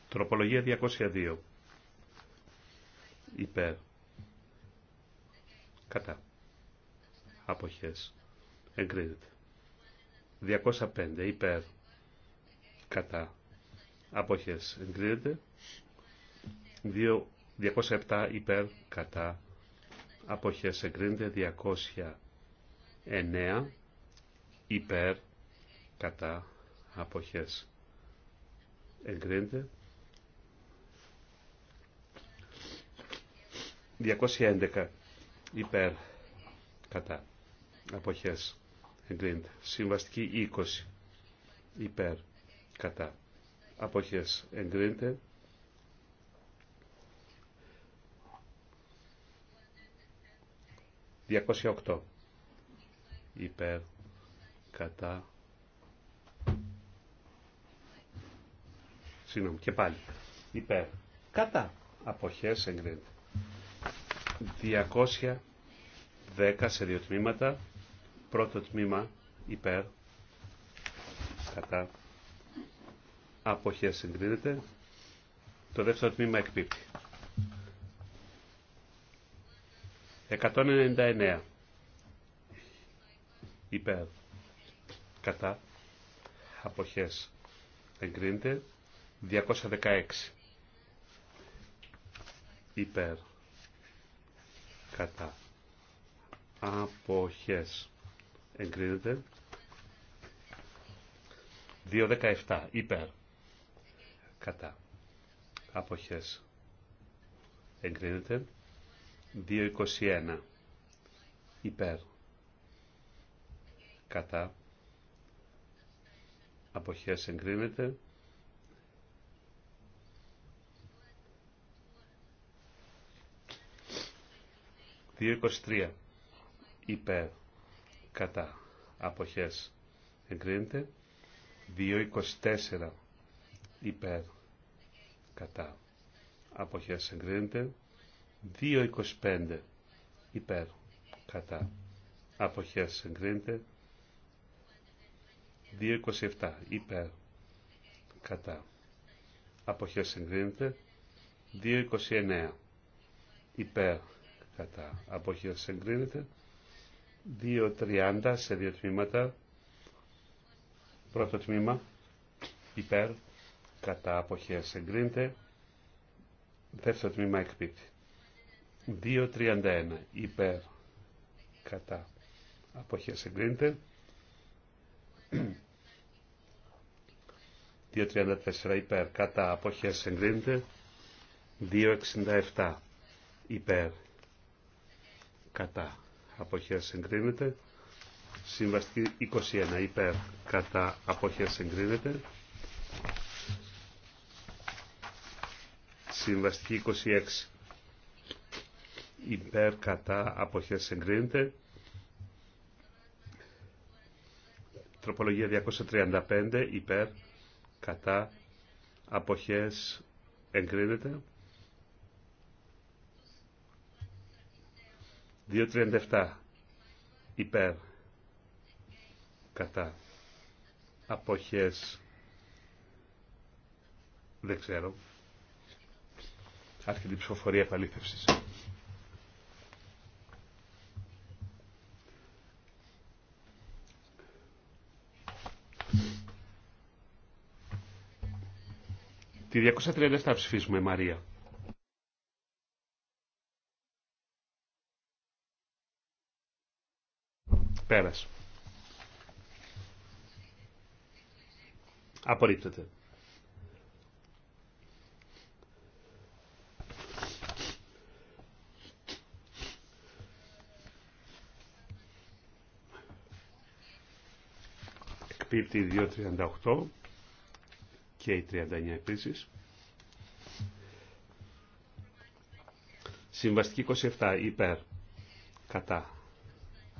Τροπολογία 202. Υπέρ. Κατά. Αποχές. Εγκρίνεται. 205. Υπέρ. Κατά. Αποχές. Εγκρίνεται. 207. Υπέρ. Κατά. Αποχές. Εγκρίνεται. 9 υπέρ κατά αποχές εγκρίνεται 211 υπέρ κατά αποχές εγκρίνεται συμβαστική 20 υπέρ κατά αποχές εγκρίνεται 208 υπέρ κατά συγγνώμη και πάλι υπέρ κατά αποχές εγκρίνεται 210 σε δύο τμήματα πρώτο τμήμα υπέρ κατά αποχές εγκρίνεται το δεύτερο τμήμα εκπίπτει 199 υπέρ κατά αποχές εγκρίνεται 216 υπέρ κατά αποχές εγκρίνεται 2.17 υπέρ κατά αποχές εγκρίνεται 2.21 υπέρ κατά αποχές εγκρίνεται. 2-23 υπέρ κατά αποχές εγκρίνεται. 2.24 υπέρ κατά αποχές εγκρίνεται 2.25 υπέρ κατά αποχές εγκρίνεται 2.27 υπέρ κατά αποχές εγκρίνεται 2.29 υπέρ κατά αποχές εγκρίνεται 2.30 σε δύο τμήματα πρώτο τμήμα υπέρ κατά αποχές εγκρίνεται δεύτερο τμήμα εκπιτη 2.31 υπέρ κατά αποχές εγκρίνεται 2.34 υπέρ κατά χέρι εγκρίνεται 2.67 υπέρ κατά χέρι συγκρίνεται συμβαστική 21 υπέρ κατά χέρι συγκρίνεται συμβαστική 26 υπέρ κατά χέρι εγκρίνεται Τροπολογία 235 υπέρ κατά αποχές εγκρίνεται. 2.37 υπέρ κατά αποχές δεν ξέρω άρχεται η ψηφοφορία επαλήθευσης Τη 237 ψηφίσουμε, Μαρία. Πέρασε. Απορρίπτεται. Εκπίπτει 238 και η 39 επίσης. Συμβαστική 27 υπέρ κατά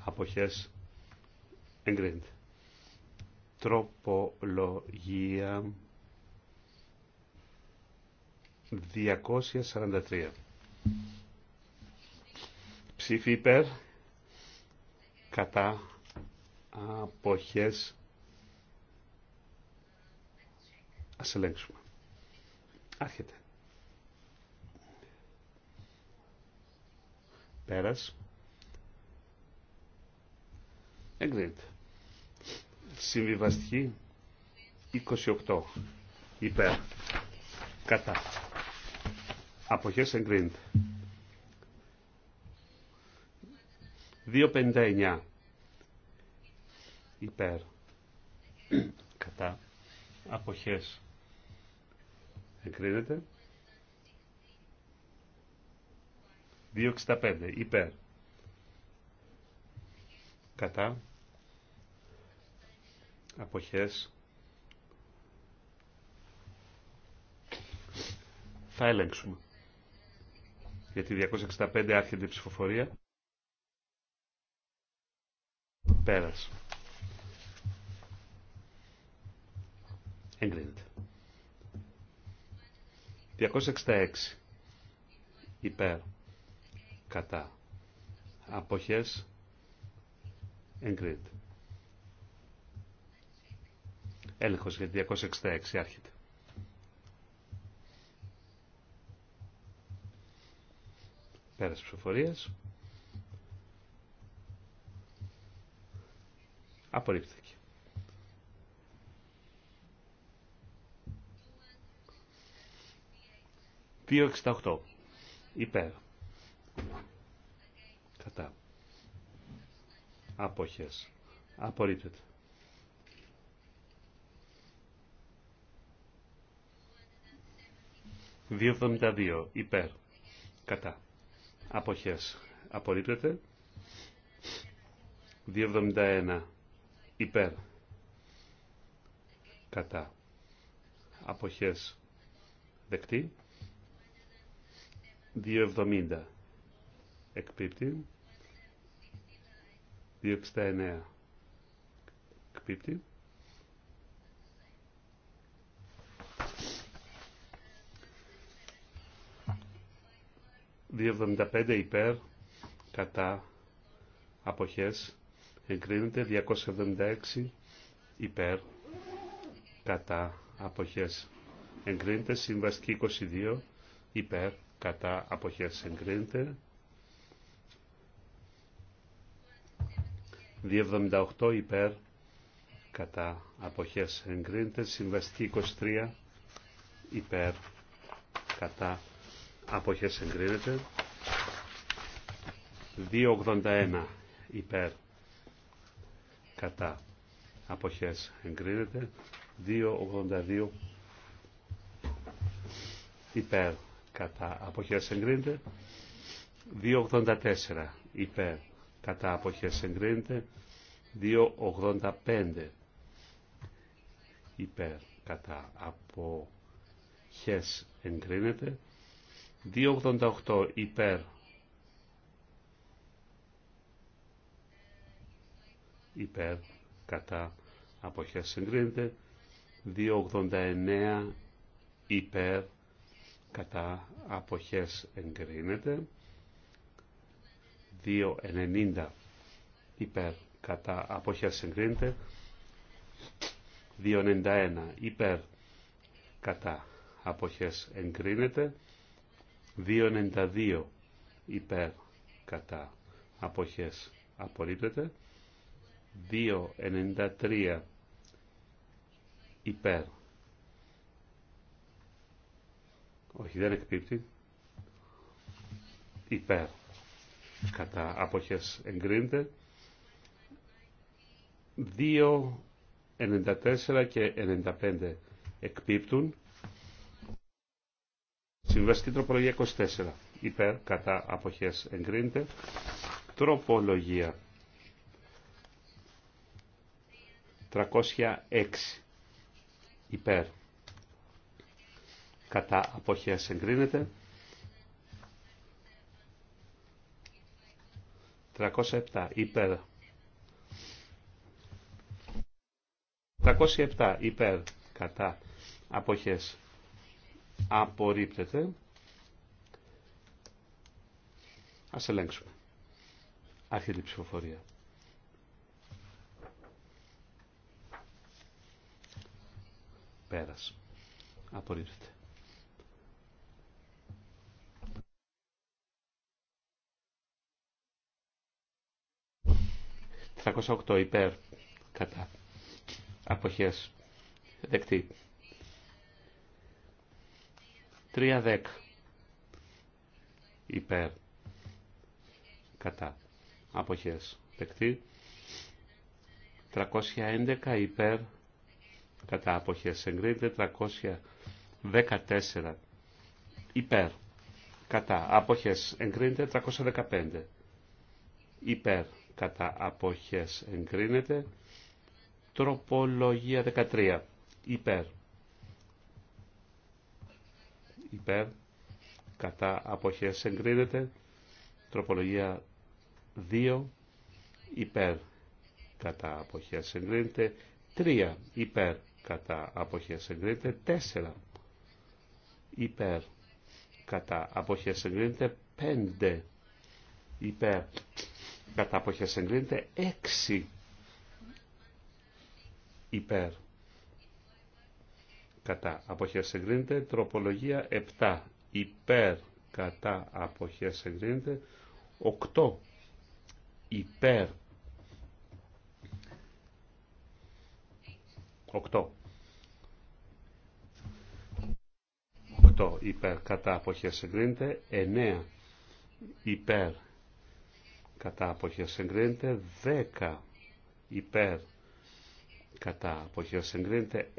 αποχές εγκρίνεται. Τροπολογία 243. Ψήφι υπέρ κατά αποχές Ας ελέγξουμε. Άρχεται. Πέρας. Εγκρίνεται. Συμβιβαστική 28. Υπέρ. Κατά. Αποχές εγκρίνεται. 2.59. Υπέρ. Κατά. Αποχές Εγκρίνεται. 2.65. Υπέρ. Κατά. Αποχές. Θα ελέγξουμε. Γιατί 265 άρχεται η ψηφοφορία. Πέρας. Εγκρίνεται. 266 υπέρ κατά αποχές εγκρίνεται. Έλεγχος για 266 άρχεται. Πέρας ψηφοφορίας. Απορρίπτει. 268 υπέρ κατά αποχές απορρίπτεται 272 υπέρ κατά αποχές απορρίπτεται 271 υπέρ κατά αποχές δεκτή 2,70 εκπίπτει. 2,69 εκπίπτει. ...2,75 υπέρ κατά αποχές εγκρίνεται 276 υπέρ κατά αποχές εγκρίνεται συμβαστική 22 υπέρ κατά αποχές εγκρίνεται. 2.78 υπέρ κατά αποχές εγκρίνεται. Συμβαστική 23 υπέρ κατά αποχές εγκρίνεται. 2.81 υπέρ κατά αποχές εγκρίνεται. 2.82 υπέρ κατά αποχές εγκρίνεται. 2.84 υπέρ κατά αποχές εγκρίνεται. 2.85 υπέρ κατά αποχές εγκρίνεται. 2.88 υπέρ υπέρ κατά αποχές εγκρίνεται. 2.89 υπέρ κατά αποχές εγκρίνεται 2.90 υπέρ κατά αποχές εγκρίνεται 2.91 υπέρ κατά αποχές εγκρίνεται 2.92 υπέρ κατά αποχές απορρίπτεται 2.93 υπέρ όχι δεν εκπίπτει, υπέρ, κατά αποχές εγκρίνεται, 2, 94 και 95 εκπίπτουν, Συμβαστική τροπολογία 24. Υπέρ, κατά, αποχές, εγκρίνεται. Τροπολογία 306. Υπέρ, κατά αποχές εγκρίνεται. 307 υπέρ. 307 υπέρ κατά αποχές απορρίπτεται. Ας ελέγξουμε. Άρχεται την ψηφοφορία. Πέρασε. Απορρίπτεται. 308 υπέρ κατά αποχές δεκτή 310 υπέρ κατά αποχές δεκτή 311 υπέρ κατά αποχές εγκρίνεται 314 υπέρ κατά αποχές εγκρίνεται 315 υπέρ κατά αποχές εγκρίνεται. Τροπολογία 13. Υπέρ. Υπέρ. Κατά αποχές εγκρίνεται. Τροπολογία 2. Υπέρ. Κατά αποχές εγκρίνεται. 3. Υπέρ. Κατά αποχές εγκρίνεται. 4. Υπέρ. Κατά αποχές εγκρίνεται. 5. Υπέρ κατά αποχέ εγκρίνεται 6 υπέρ κατά αποχέ εγκρίνεται τροπολογία 7 υπέρ κατά αποχέ εγκρίνεται 8 υπέρ 8 8 υπέρ κατά αποχές εγκρίνεται 9 υπέρ κατά αποχές εγκρίνεται 10 υπέρ κατά αποχές εγκρίνεται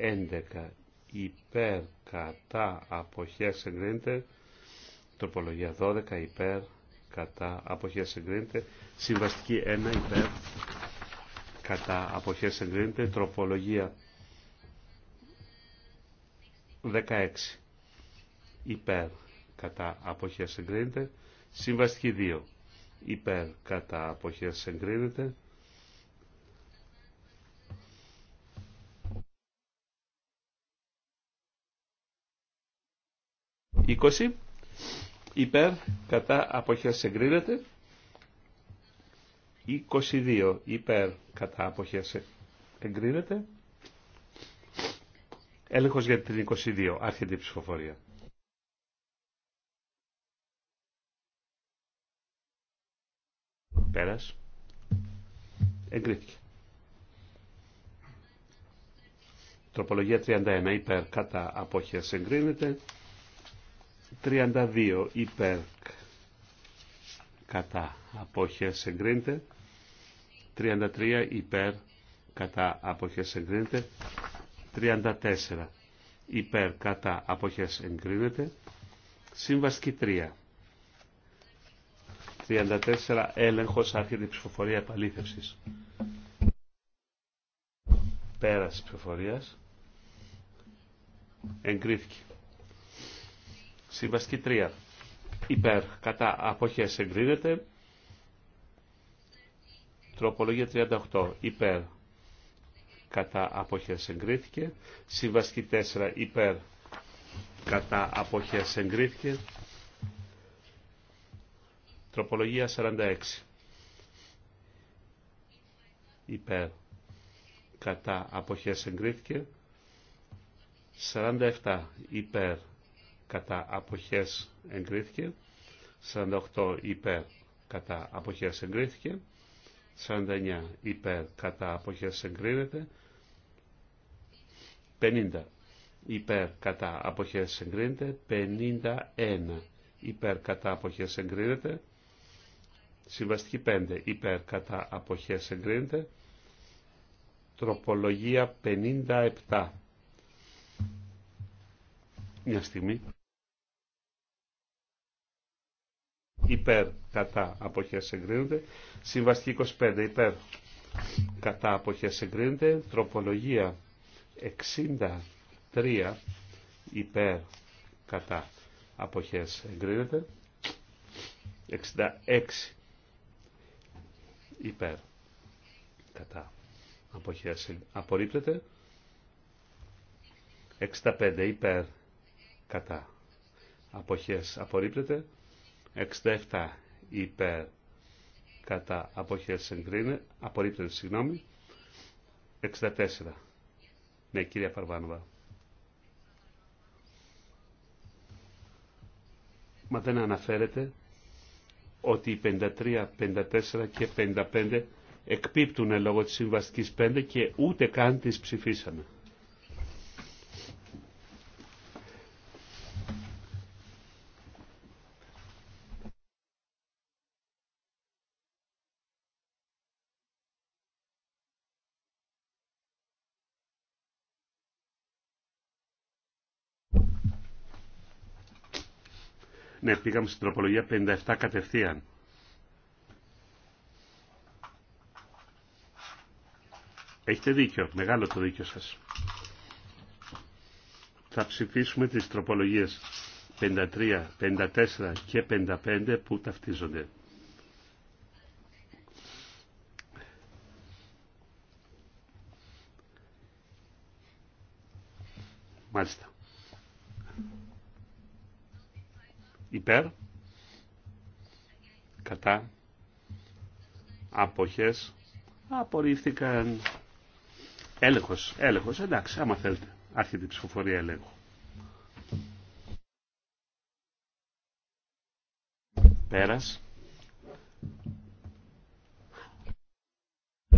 11 υπέρ κατά αποχές εγκρίνεται τροπολογία 12 υπέρ κατά αποχές εγκρίνεται συμβαστική 1 υπέρ κατά αποχές εγκρίνεται τροπολογία 16 υπέρ κατά αποχές εγκρίνεται συμβαστική 2 υπέρ κατά αποχές εγκρίνεται. Είκοσι υπέρ κατά αποχές εγκρίνεται. 22 υπέρ κατά αποχές εγκρίνεται. Έλεγχος για την 22. Άρχεται η ψηφοφορία. Πέρας. Εγκρίθηκε. Τροπολογία 31 υπέρ κατά απόχειας εγκρίνεται. 32 υπέρ κατά απόχειας εγκρίνεται. 33 υπέρ κατά απόχειας εγκρίνεται. 34 υπέρ κατά απόχειας εγκρίνεται. Σύμβαση 3 34 έλεγχος άρχεται η ψηφοφορία επαλήθευσης. Πέρας της ψηφοφορίας. Εγκρίθηκε. Συμβαστική 3. Υπέρ. Κατά αποχές εγκρίνεται. Τροπολογία 38. Υπέρ. Κατά αποχές εγκρίθηκε. Συμβαστική 4. Υπέρ. Κατά αποχές εγκρίθηκε. Τροπολογία 46. Υπέρ. Κατά. Αποχές εγκρίθηκε. 47. Υπέρ. Κατά. Αποχές εγκρίθηκε. 48. Υπέρ. Κατά. Αποχές εγκρίθηκε. 49. Υπέρ. Κατά. Αποχές εγκρίνεται. 50 υπέρ κατά αποχές εγκρίνεται, 51 υπέρ κατά αποχές εγκρίνεται, Συμβαστική 5 υπέρ κατά αποχές εγκρίνεται. Τροπολογία 57. Μια στιγμή. Υπέρ κατά αποχές εγκρίνεται. Συμβαστική 25 υπέρ κατά αποχές εγκρίνεται. Τροπολογία 63 υπέρ κατά αποχές εγκρίνεται. 66 υπέρ κατά αποχές απορρίπτεται 65 υπέρ κατά αποχές απορρίπτεται 67 υπέρ κατά αποχές εγκρίνε απορρίπτεται συγγνώμη 64 ναι κυρία Παρβάνοβα μα δεν αναφέρεται ότι οι 53, 54 και 55 εκπίπτουν λόγω της συμβαστικής 5 και ούτε καν τις ψηφίσαμε. Ναι, πήγαμε στην τροπολογία 57 κατευθείαν. Έχετε δίκιο, μεγάλο το δίκιο σας. Θα ψηφίσουμε τις τροπολογίες 53, 54 και 55 που ταυτίζονται. Μάλιστα. υπέρ κατά αποχές απορρίφθηκαν έλεγχος, έλεγχος, εντάξει, άμα θέλετε άρχεται η ψηφοφορία έλεγχου πέρας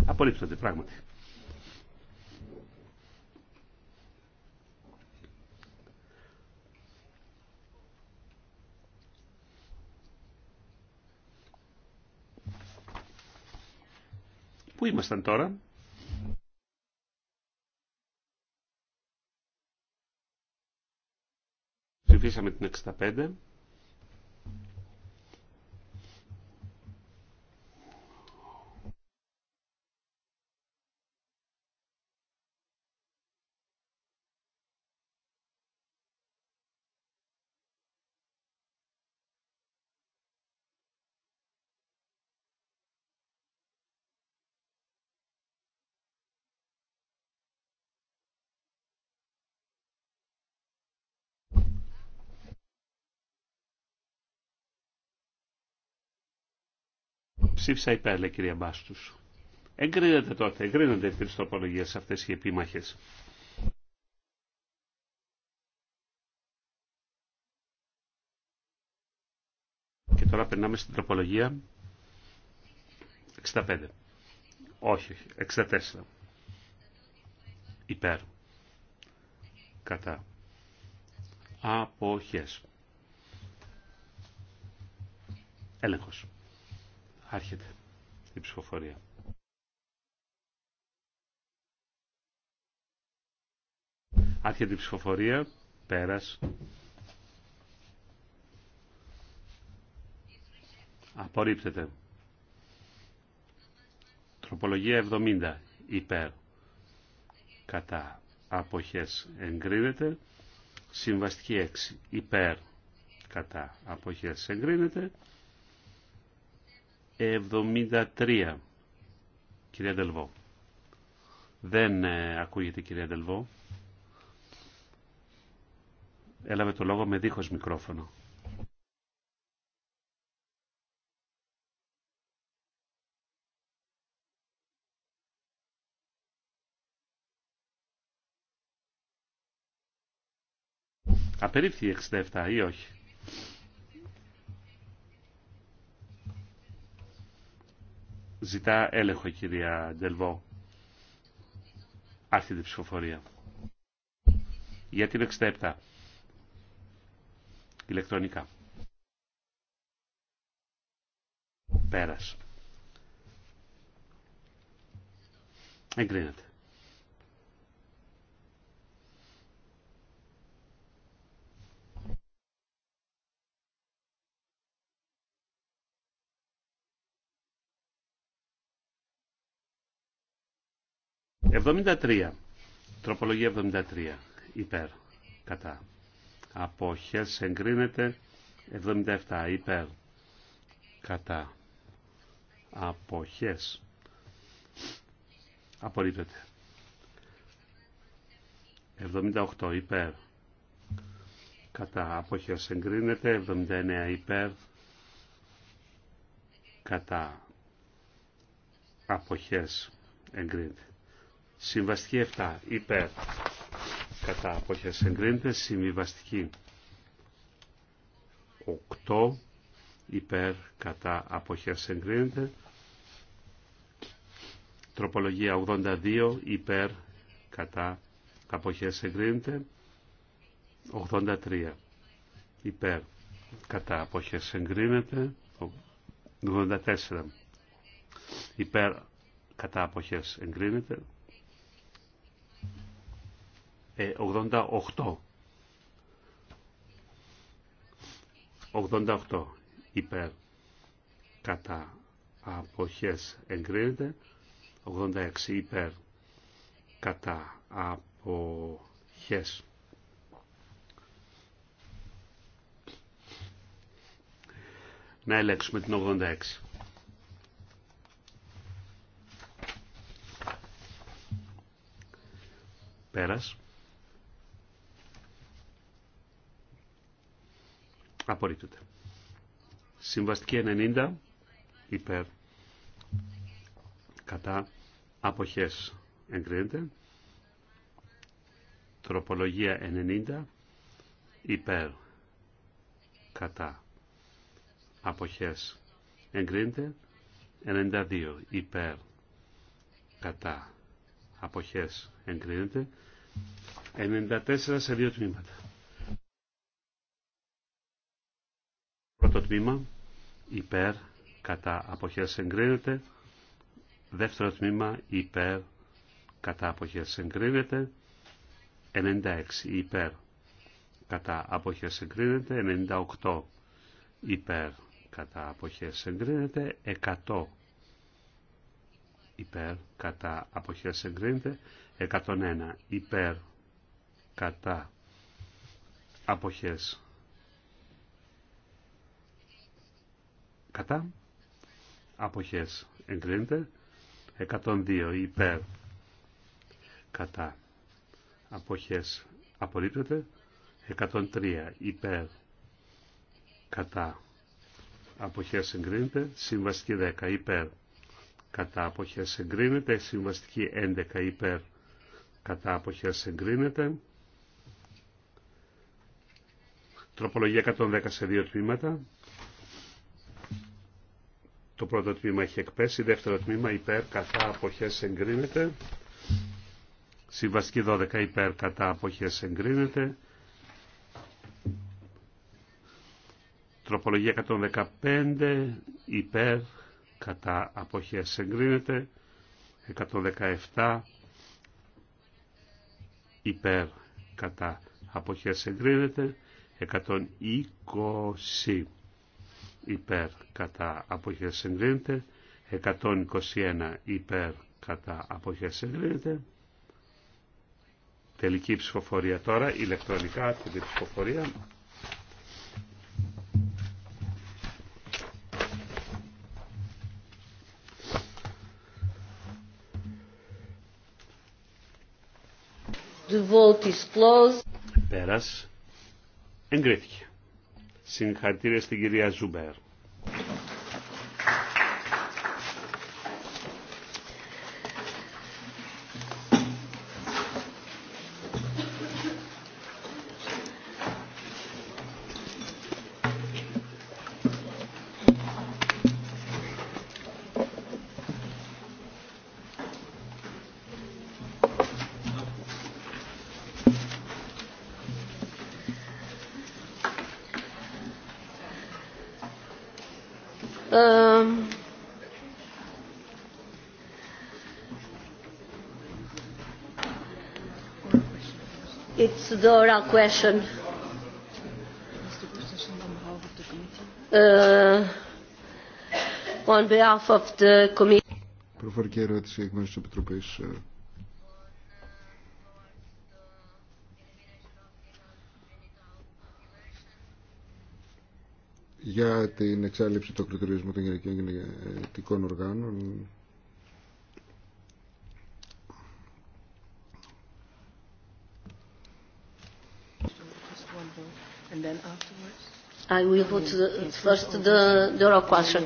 απορρίπτονται πράγματι Πού ήμασταν τώρα. Ψηφίσαμε την 65. Ψήφισα υπέρ, λέει κυρία Μπάστου. Εγκρίνεται τότε, εγκρίνονται τι τροπολογίε αυτέ οι επίμαχε. Και τώρα περνάμε στην τροπολογία 65. Όχι, όχι, 64. Υπέρ. Κατά. Αποχές. Έλεγχος. Άρχεται η ψηφοφορία. Άρχεται η ψηφοφορία. Πέρας. Απορρίπτεται. Τροπολογία 70. Υπέρ. Κατά. Αποχές εγκρίνεται. Συμβαστική 6. Υπέρ. Κατά. Αποχές εγκρίνεται. 73. Κυρία Ντελβό. Δεν ε, ακούγεται κυρία Ντελβό. Έλαβε το λόγο με δίχως μικρόφωνο. Απερίφθη 67 ή όχι. ζητά έλεγχο η κυρία Ντελβό. Άρχεται η ψηφοφορία. Για την 67. Ηλεκτρονικά. Πέρασε. Εγκρίνεται. 73. Τροπολογία 73. Υπέρ. Κατά. Απόχες εγκρίνεται 77. Υπέρ. Κατά. Απόχες. Απορρίπτεται. 78. Υπέρ. Κατά. Απόχες εγκρίνεται 79. Υπέρ. Κατά. Αποχές εγκρίνεται. Συμβαστική 7 υπέρ κατά αποχές εγκρίνεται. Συμβιβαστική 8 υπέρ κατά αποχές εγκρίνεται. Τροπολογία 82 υπέρ κατά αποχές εγκρίνεται. 83 υπέρ κατά αποχές εγκρίνεται. 84 υπέρ κατά αποχές εγκρίνεται. 88. υπέρ κατά αποχές εγκρίνεται 86 υπέρ κατά αποχές να ελέγξουμε την 86 πέρας Απορρίπτεται. Συμβαστική 90 υπέρ κατά αποχές εγκρίνεται. Τροπολογία 90 υπέρ κατά αποχές εγκρίνεται. 92 υπέρ κατά αποχές εγκρίνεται. 94 σε δύο τμήματα. Πρώτο τμήμα υπέρ κατά αποχές εγκρίνεται. Δεύτερο τμήμα υπέρ κατά αποχές εγκρίνεται. 96 υπέρ κατά αποχές εγκρίνεται. 98 υπέρ κατά αποχές εγκρίνεται. 100 υπέρ κατά αποχές εγκρίνεται. 101 υπέρ κατά αποχές κατά αποχές εγκρίνεται 102 υπέρ κατά αποχές απορρίπτεται 103 υπέρ κατά αποχές εγκρίνεται συμβαστική 10 υπέρ κατά αποχές εγκρίνεται συμβαστική 11 υπέρ κατά αποχές εγκρίνεται τροπολογία 110 σε δύο τμήματα το πρώτο τμήμα έχει εκπέσει, δεύτερο τμήμα υπέρ κατά αποχές εγκρίνεται. Συμβαστική 12 υπέρ κατά αποχές εγκρίνεται. Τροπολογία 115 υπέρ κατά αποχές εγκρίνεται. 117 υπέρ κατά αποχές εγκρίνεται. 120 υπέρ κατά αποχές εγκρίνεται, 121 υπέρ κατά αποχές εγκρίνεται. Τελική ψηφοφορία τώρα, ηλεκτρονικά την ψηφοφορία. The Πέρας. Εγκρίθηκε. Συγχαρητήρια στην κυρία Ζουμπέρ. the oral question. Uh, on behalf of the committee. για την εξάλληψη των κριτηρίων των γενικών οργάνων And then afterwards? I will put first the, the oral question.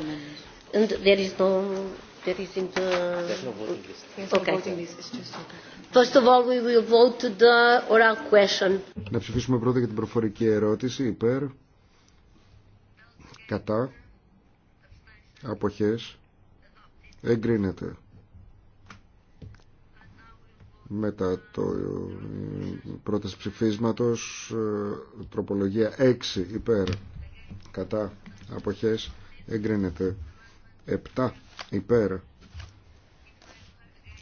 And there is no... There is in the... There's no voting list. There's okay. no voting list. just First of all, we will vote the oral question. Να ψηφίσουμε πρώτα για την προφορική ερώτηση υπέρ, κατά, αποχές, εγκρίνεται μετά το ε, πρώτο ψηφίσματος ε, τροπολογία 6 υπέρ κατά αποχές εγκρίνεται 7 υπέρ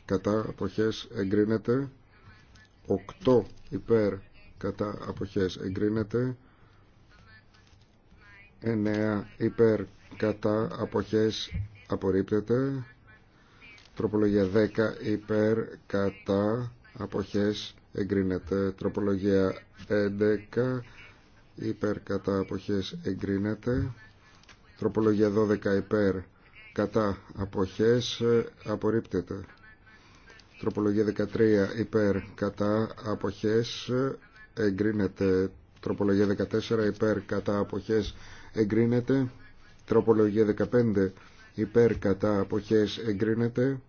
κατά αποχές εγκρίνεται 8 υπέρ κατά αποχές εγκρίνεται 9 υπέρ κατά αποχές απορρίπτεται Τροπολογία 10 υπέρ κατά αποχές εγκρίνεται. Τροπολογία 11 υπέρ κατά αποχές εγκρίνεται. Τροπολογία 12 υπέρ κατά αποχές ε, απορρίπτεται. Τροπολογία 13 ε, υπέρ κατά αποχές εγκρίνεται. Τροπολογία 14 υπέρ κατά αποχές εγκρίνεται. Τροπολογία 15 υπέρ κατά αποχές εγκρίνεται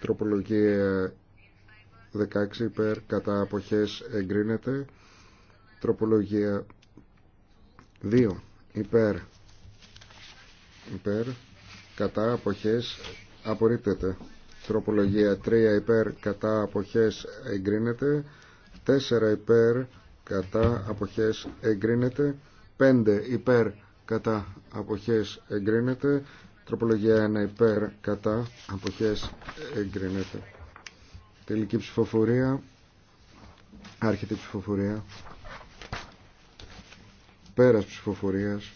τροπολογία 16 υπέρ κατά αποχές εγκρίνεται τροπολογία 2 υπέρ υπέρ κατά αποχές απορρίπτεται τροπολογία 3 υπέρ κατά αποχές εγκρίνεται 4 υπέρ κατά αποχές εγκρίνεται 5 υπέρ κατά αποχές εγκρίνεται Τροπολογία 1 υπέρ κατά αποχές εγκρίνεται. Τελική ψηφοφορία. Άρχεται ψηφοφορία. Πέρας ψηφοφορίας.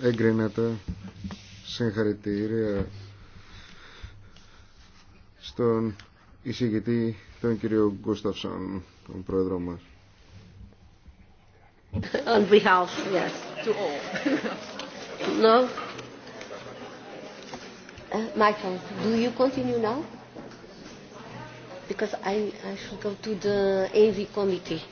Εγκρίνεται. Συγχαρητήρια στον εισηγητή τον κύριο Γκούσταυσον, τον πρόεδρό μας. On behalf, yes no? Uh, Michael, do you continue now? Because I, I should go to the AV committee.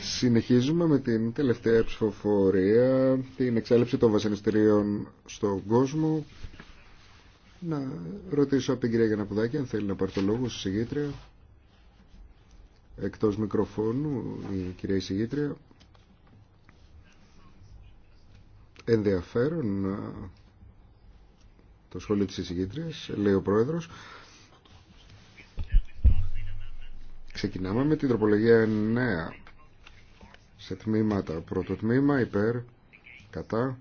Συνεχίζουμε με την τελευταία ψηφοφορία, την εξέλιξη των βασανιστήριων στον κόσμο. Να ρωτήσω από την κυρία Γιαναπουδάκη αν θέλει να πάρει το λόγο, συγγήτρια. Εκτός μικροφώνου, η κυρία συγγήτρια. Ενδιαφέρον ε, το σχόλιο της συγγήτριας, λέει ο πρόεδρος. Ξεκινάμε με την τροπολογία 9 σε τμήματα. Πρώτο τμήμα υπέρ, κατά,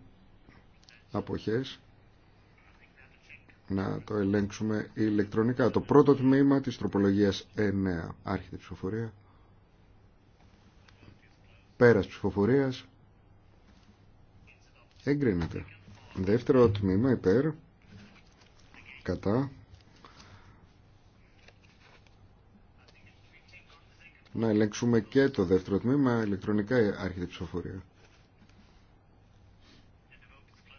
αποχές. Να το ελέγξουμε ηλεκτρονικά. Το πρώτο τμήμα της τροπολογίας 9. Άρχεται ψηφοφορία. Πέρας ψηφοφορίας. Εγκρίνεται. Δεύτερο τμήμα υπέρ, κατά, Να ελέγξουμε και το δεύτερο τμήμα, ηλεκτρονικά άρχεται ψηφοφορία.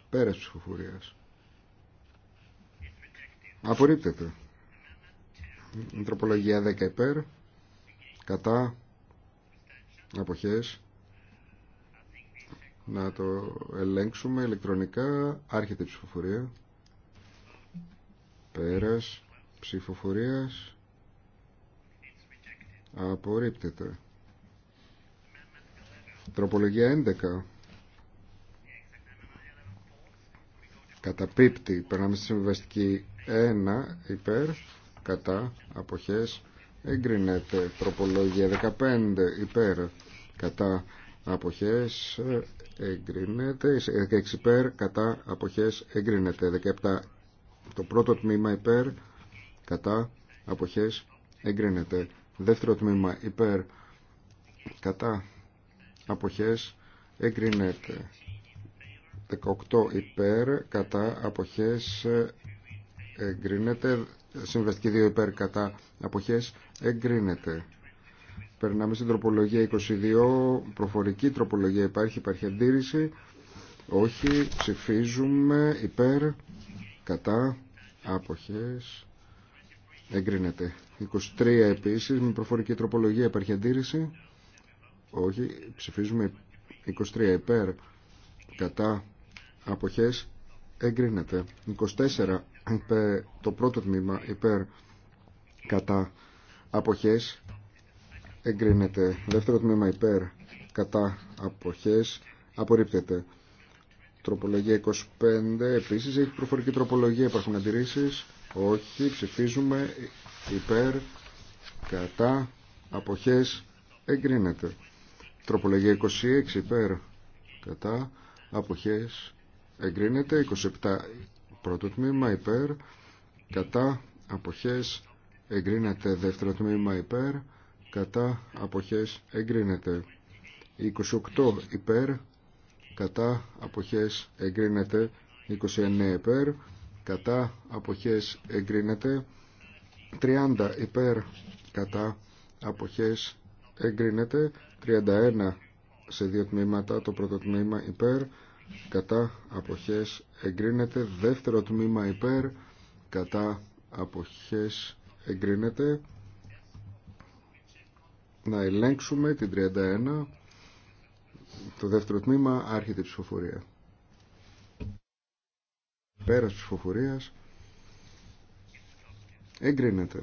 Πέρας ψηφοφορίας. Απορρίπτεται. τροπολογία 10 υπέρ, κατά, αποχές. Να το ελέγξουμε ηλεκτρονικά, άρχεται ψηφοφορία. Πέρας ψηφοφορίας. Απορρίπτεται. Τροπολογία 11. Καταπίπτει. Περνάμε στη συμβιβαστική 1 υπέρ. Κατά. Αποχές. Εγκρινέται. Τροπολογία 15 υπέρ. Κατά. Αποχές. Εγκρινέται. 16 υπέρ. Κατά. Αποχές. Εγκρινέται. 17. Το πρώτο τμήμα υπέρ. Κατά. Αποχές. Εγκρίνεται. Δεύτερο τμήμα υπέρ κατά αποχές εγκρίνεται. 18 υπέρ κατά αποχές εγκρίνεται. Συμβαστική 2 υπέρ κατά αποχές εγκρίνεται. Περνάμε στην τροπολογία 22. Προφορική τροπολογία υπάρχει. Υπάρχει αντίρρηση. Όχι. Ψηφίζουμε υπέρ κατά αποχές εγκρίνεται. 23 επίσης, με προφορική τροπολογία υπάρχει αντίρρηση. Όχι, ψηφίζουμε 23 υπέρ, κατά, αποχές, εγκρίνεται. 24 υπέρ, το πρώτο τμήμα υπέρ, κατά, αποχές, εγκρίνεται. Δεύτερο τμήμα υπέρ, κατά, αποχές, απορρίπτεται. Τροπολογία 25 επίσης, έχει προφορική τροπολογία, υπάρχουν αντιρρήσεις. Όχι, ψηφίζουμε υπέρ, κατά, αποχές, εγκρίνεται. Τροπολογία 26 υπέρ, κατά, αποχές, εγκρίνεται. 27 πρώτο τμήμα υπέρ, κατά, αποχές, εγκρίνεται. Δεύτερο τμήμα υπέρ, κατά, αποχές, εγκρίνεται. 28 υπέρ, κατά, αποχές, εγκρίνεται. 29 υπέρ, κατά, αποχές, εγκρίνεται. 30 υπέρ κατά αποχές εγκρίνεται 31 σε δύο τμήματα το πρώτο τμήμα υπέρ κατά αποχές εγκρίνεται δεύτερο τμήμα υπέρ κατά αποχές εγκρίνεται να ελέγξουμε την 31 το δεύτερο τμήμα άρχεται η ψηφοφορία πέρας ψηφοφορίας εγκρίνεται.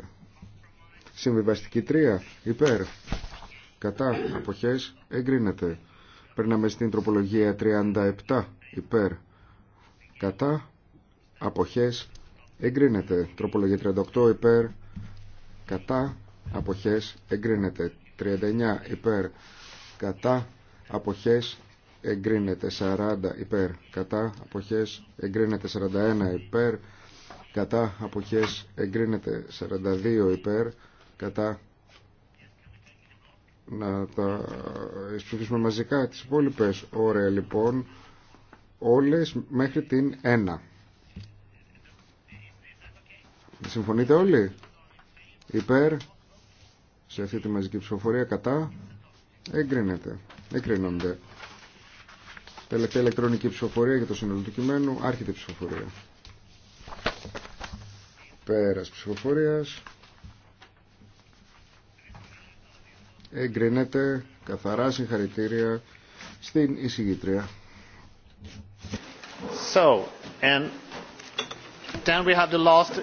Συμβιβαστική 3 υπέρ κατά αποχές εγκρίνεται. Περνάμε στην τροπολογία 37 υπέρ κατά αποχές εγκρίνεται. Τροπολογία 38 υπέρ κατά αποχές εγκρίνεται. 39 υπέρ κατά αποχές εγκρίνεται. 40 υπέρ κατά αποχές εγκρίνεται. 41 υπέρ κατά αποχές εγκρίνεται 42 υπέρ κατά να τα εισψηφίσουμε μαζικά τις υπόλοιπε ωραία λοιπόν όλες μέχρι την 1 συμφωνείτε όλοι υπέρ σε αυτή τη μαζική ψηφοφορία κατά εγκρίνεται εγκρίνονται τελευταία ηλεκτρονική ψηφοφορία για το συνολικό του κειμένου άρχεται ψηφοφορία Πέρας ψηφοφορίας. Εγκρίνεται καθαρά συγχαρητήρια στην εισηγήτρια. So, and then we have the last...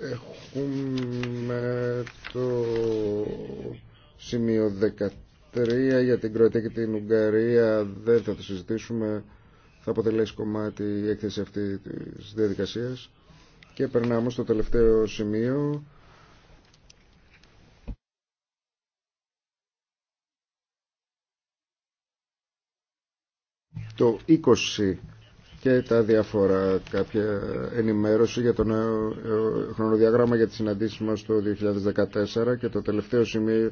Έχουμε το σημείο 13 για την Κροατία και την Ουγγαρία. Δεν θα το συζητήσουμε θα αποτελέσει κομμάτι η έκθεση αυτή της διαδικασίας. Και περνάμε στο τελευταίο σημείο. Το 20 και τα διάφορα κάποια ενημέρωση για το νέο ε, χρονοδιαγράμμα για τις συναντήσεις μας το 2014 και το τελευταίο σημείο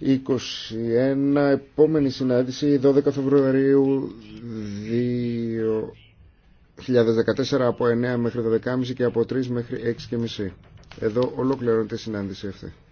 21, επόμενη συνάντηση 12 Φεβρουαρίου 2014 από 9 μέχρι 12.30 και από 3 μέχρι 6.30. Εδώ ολοκληρώνεται η συνάντηση αυτή.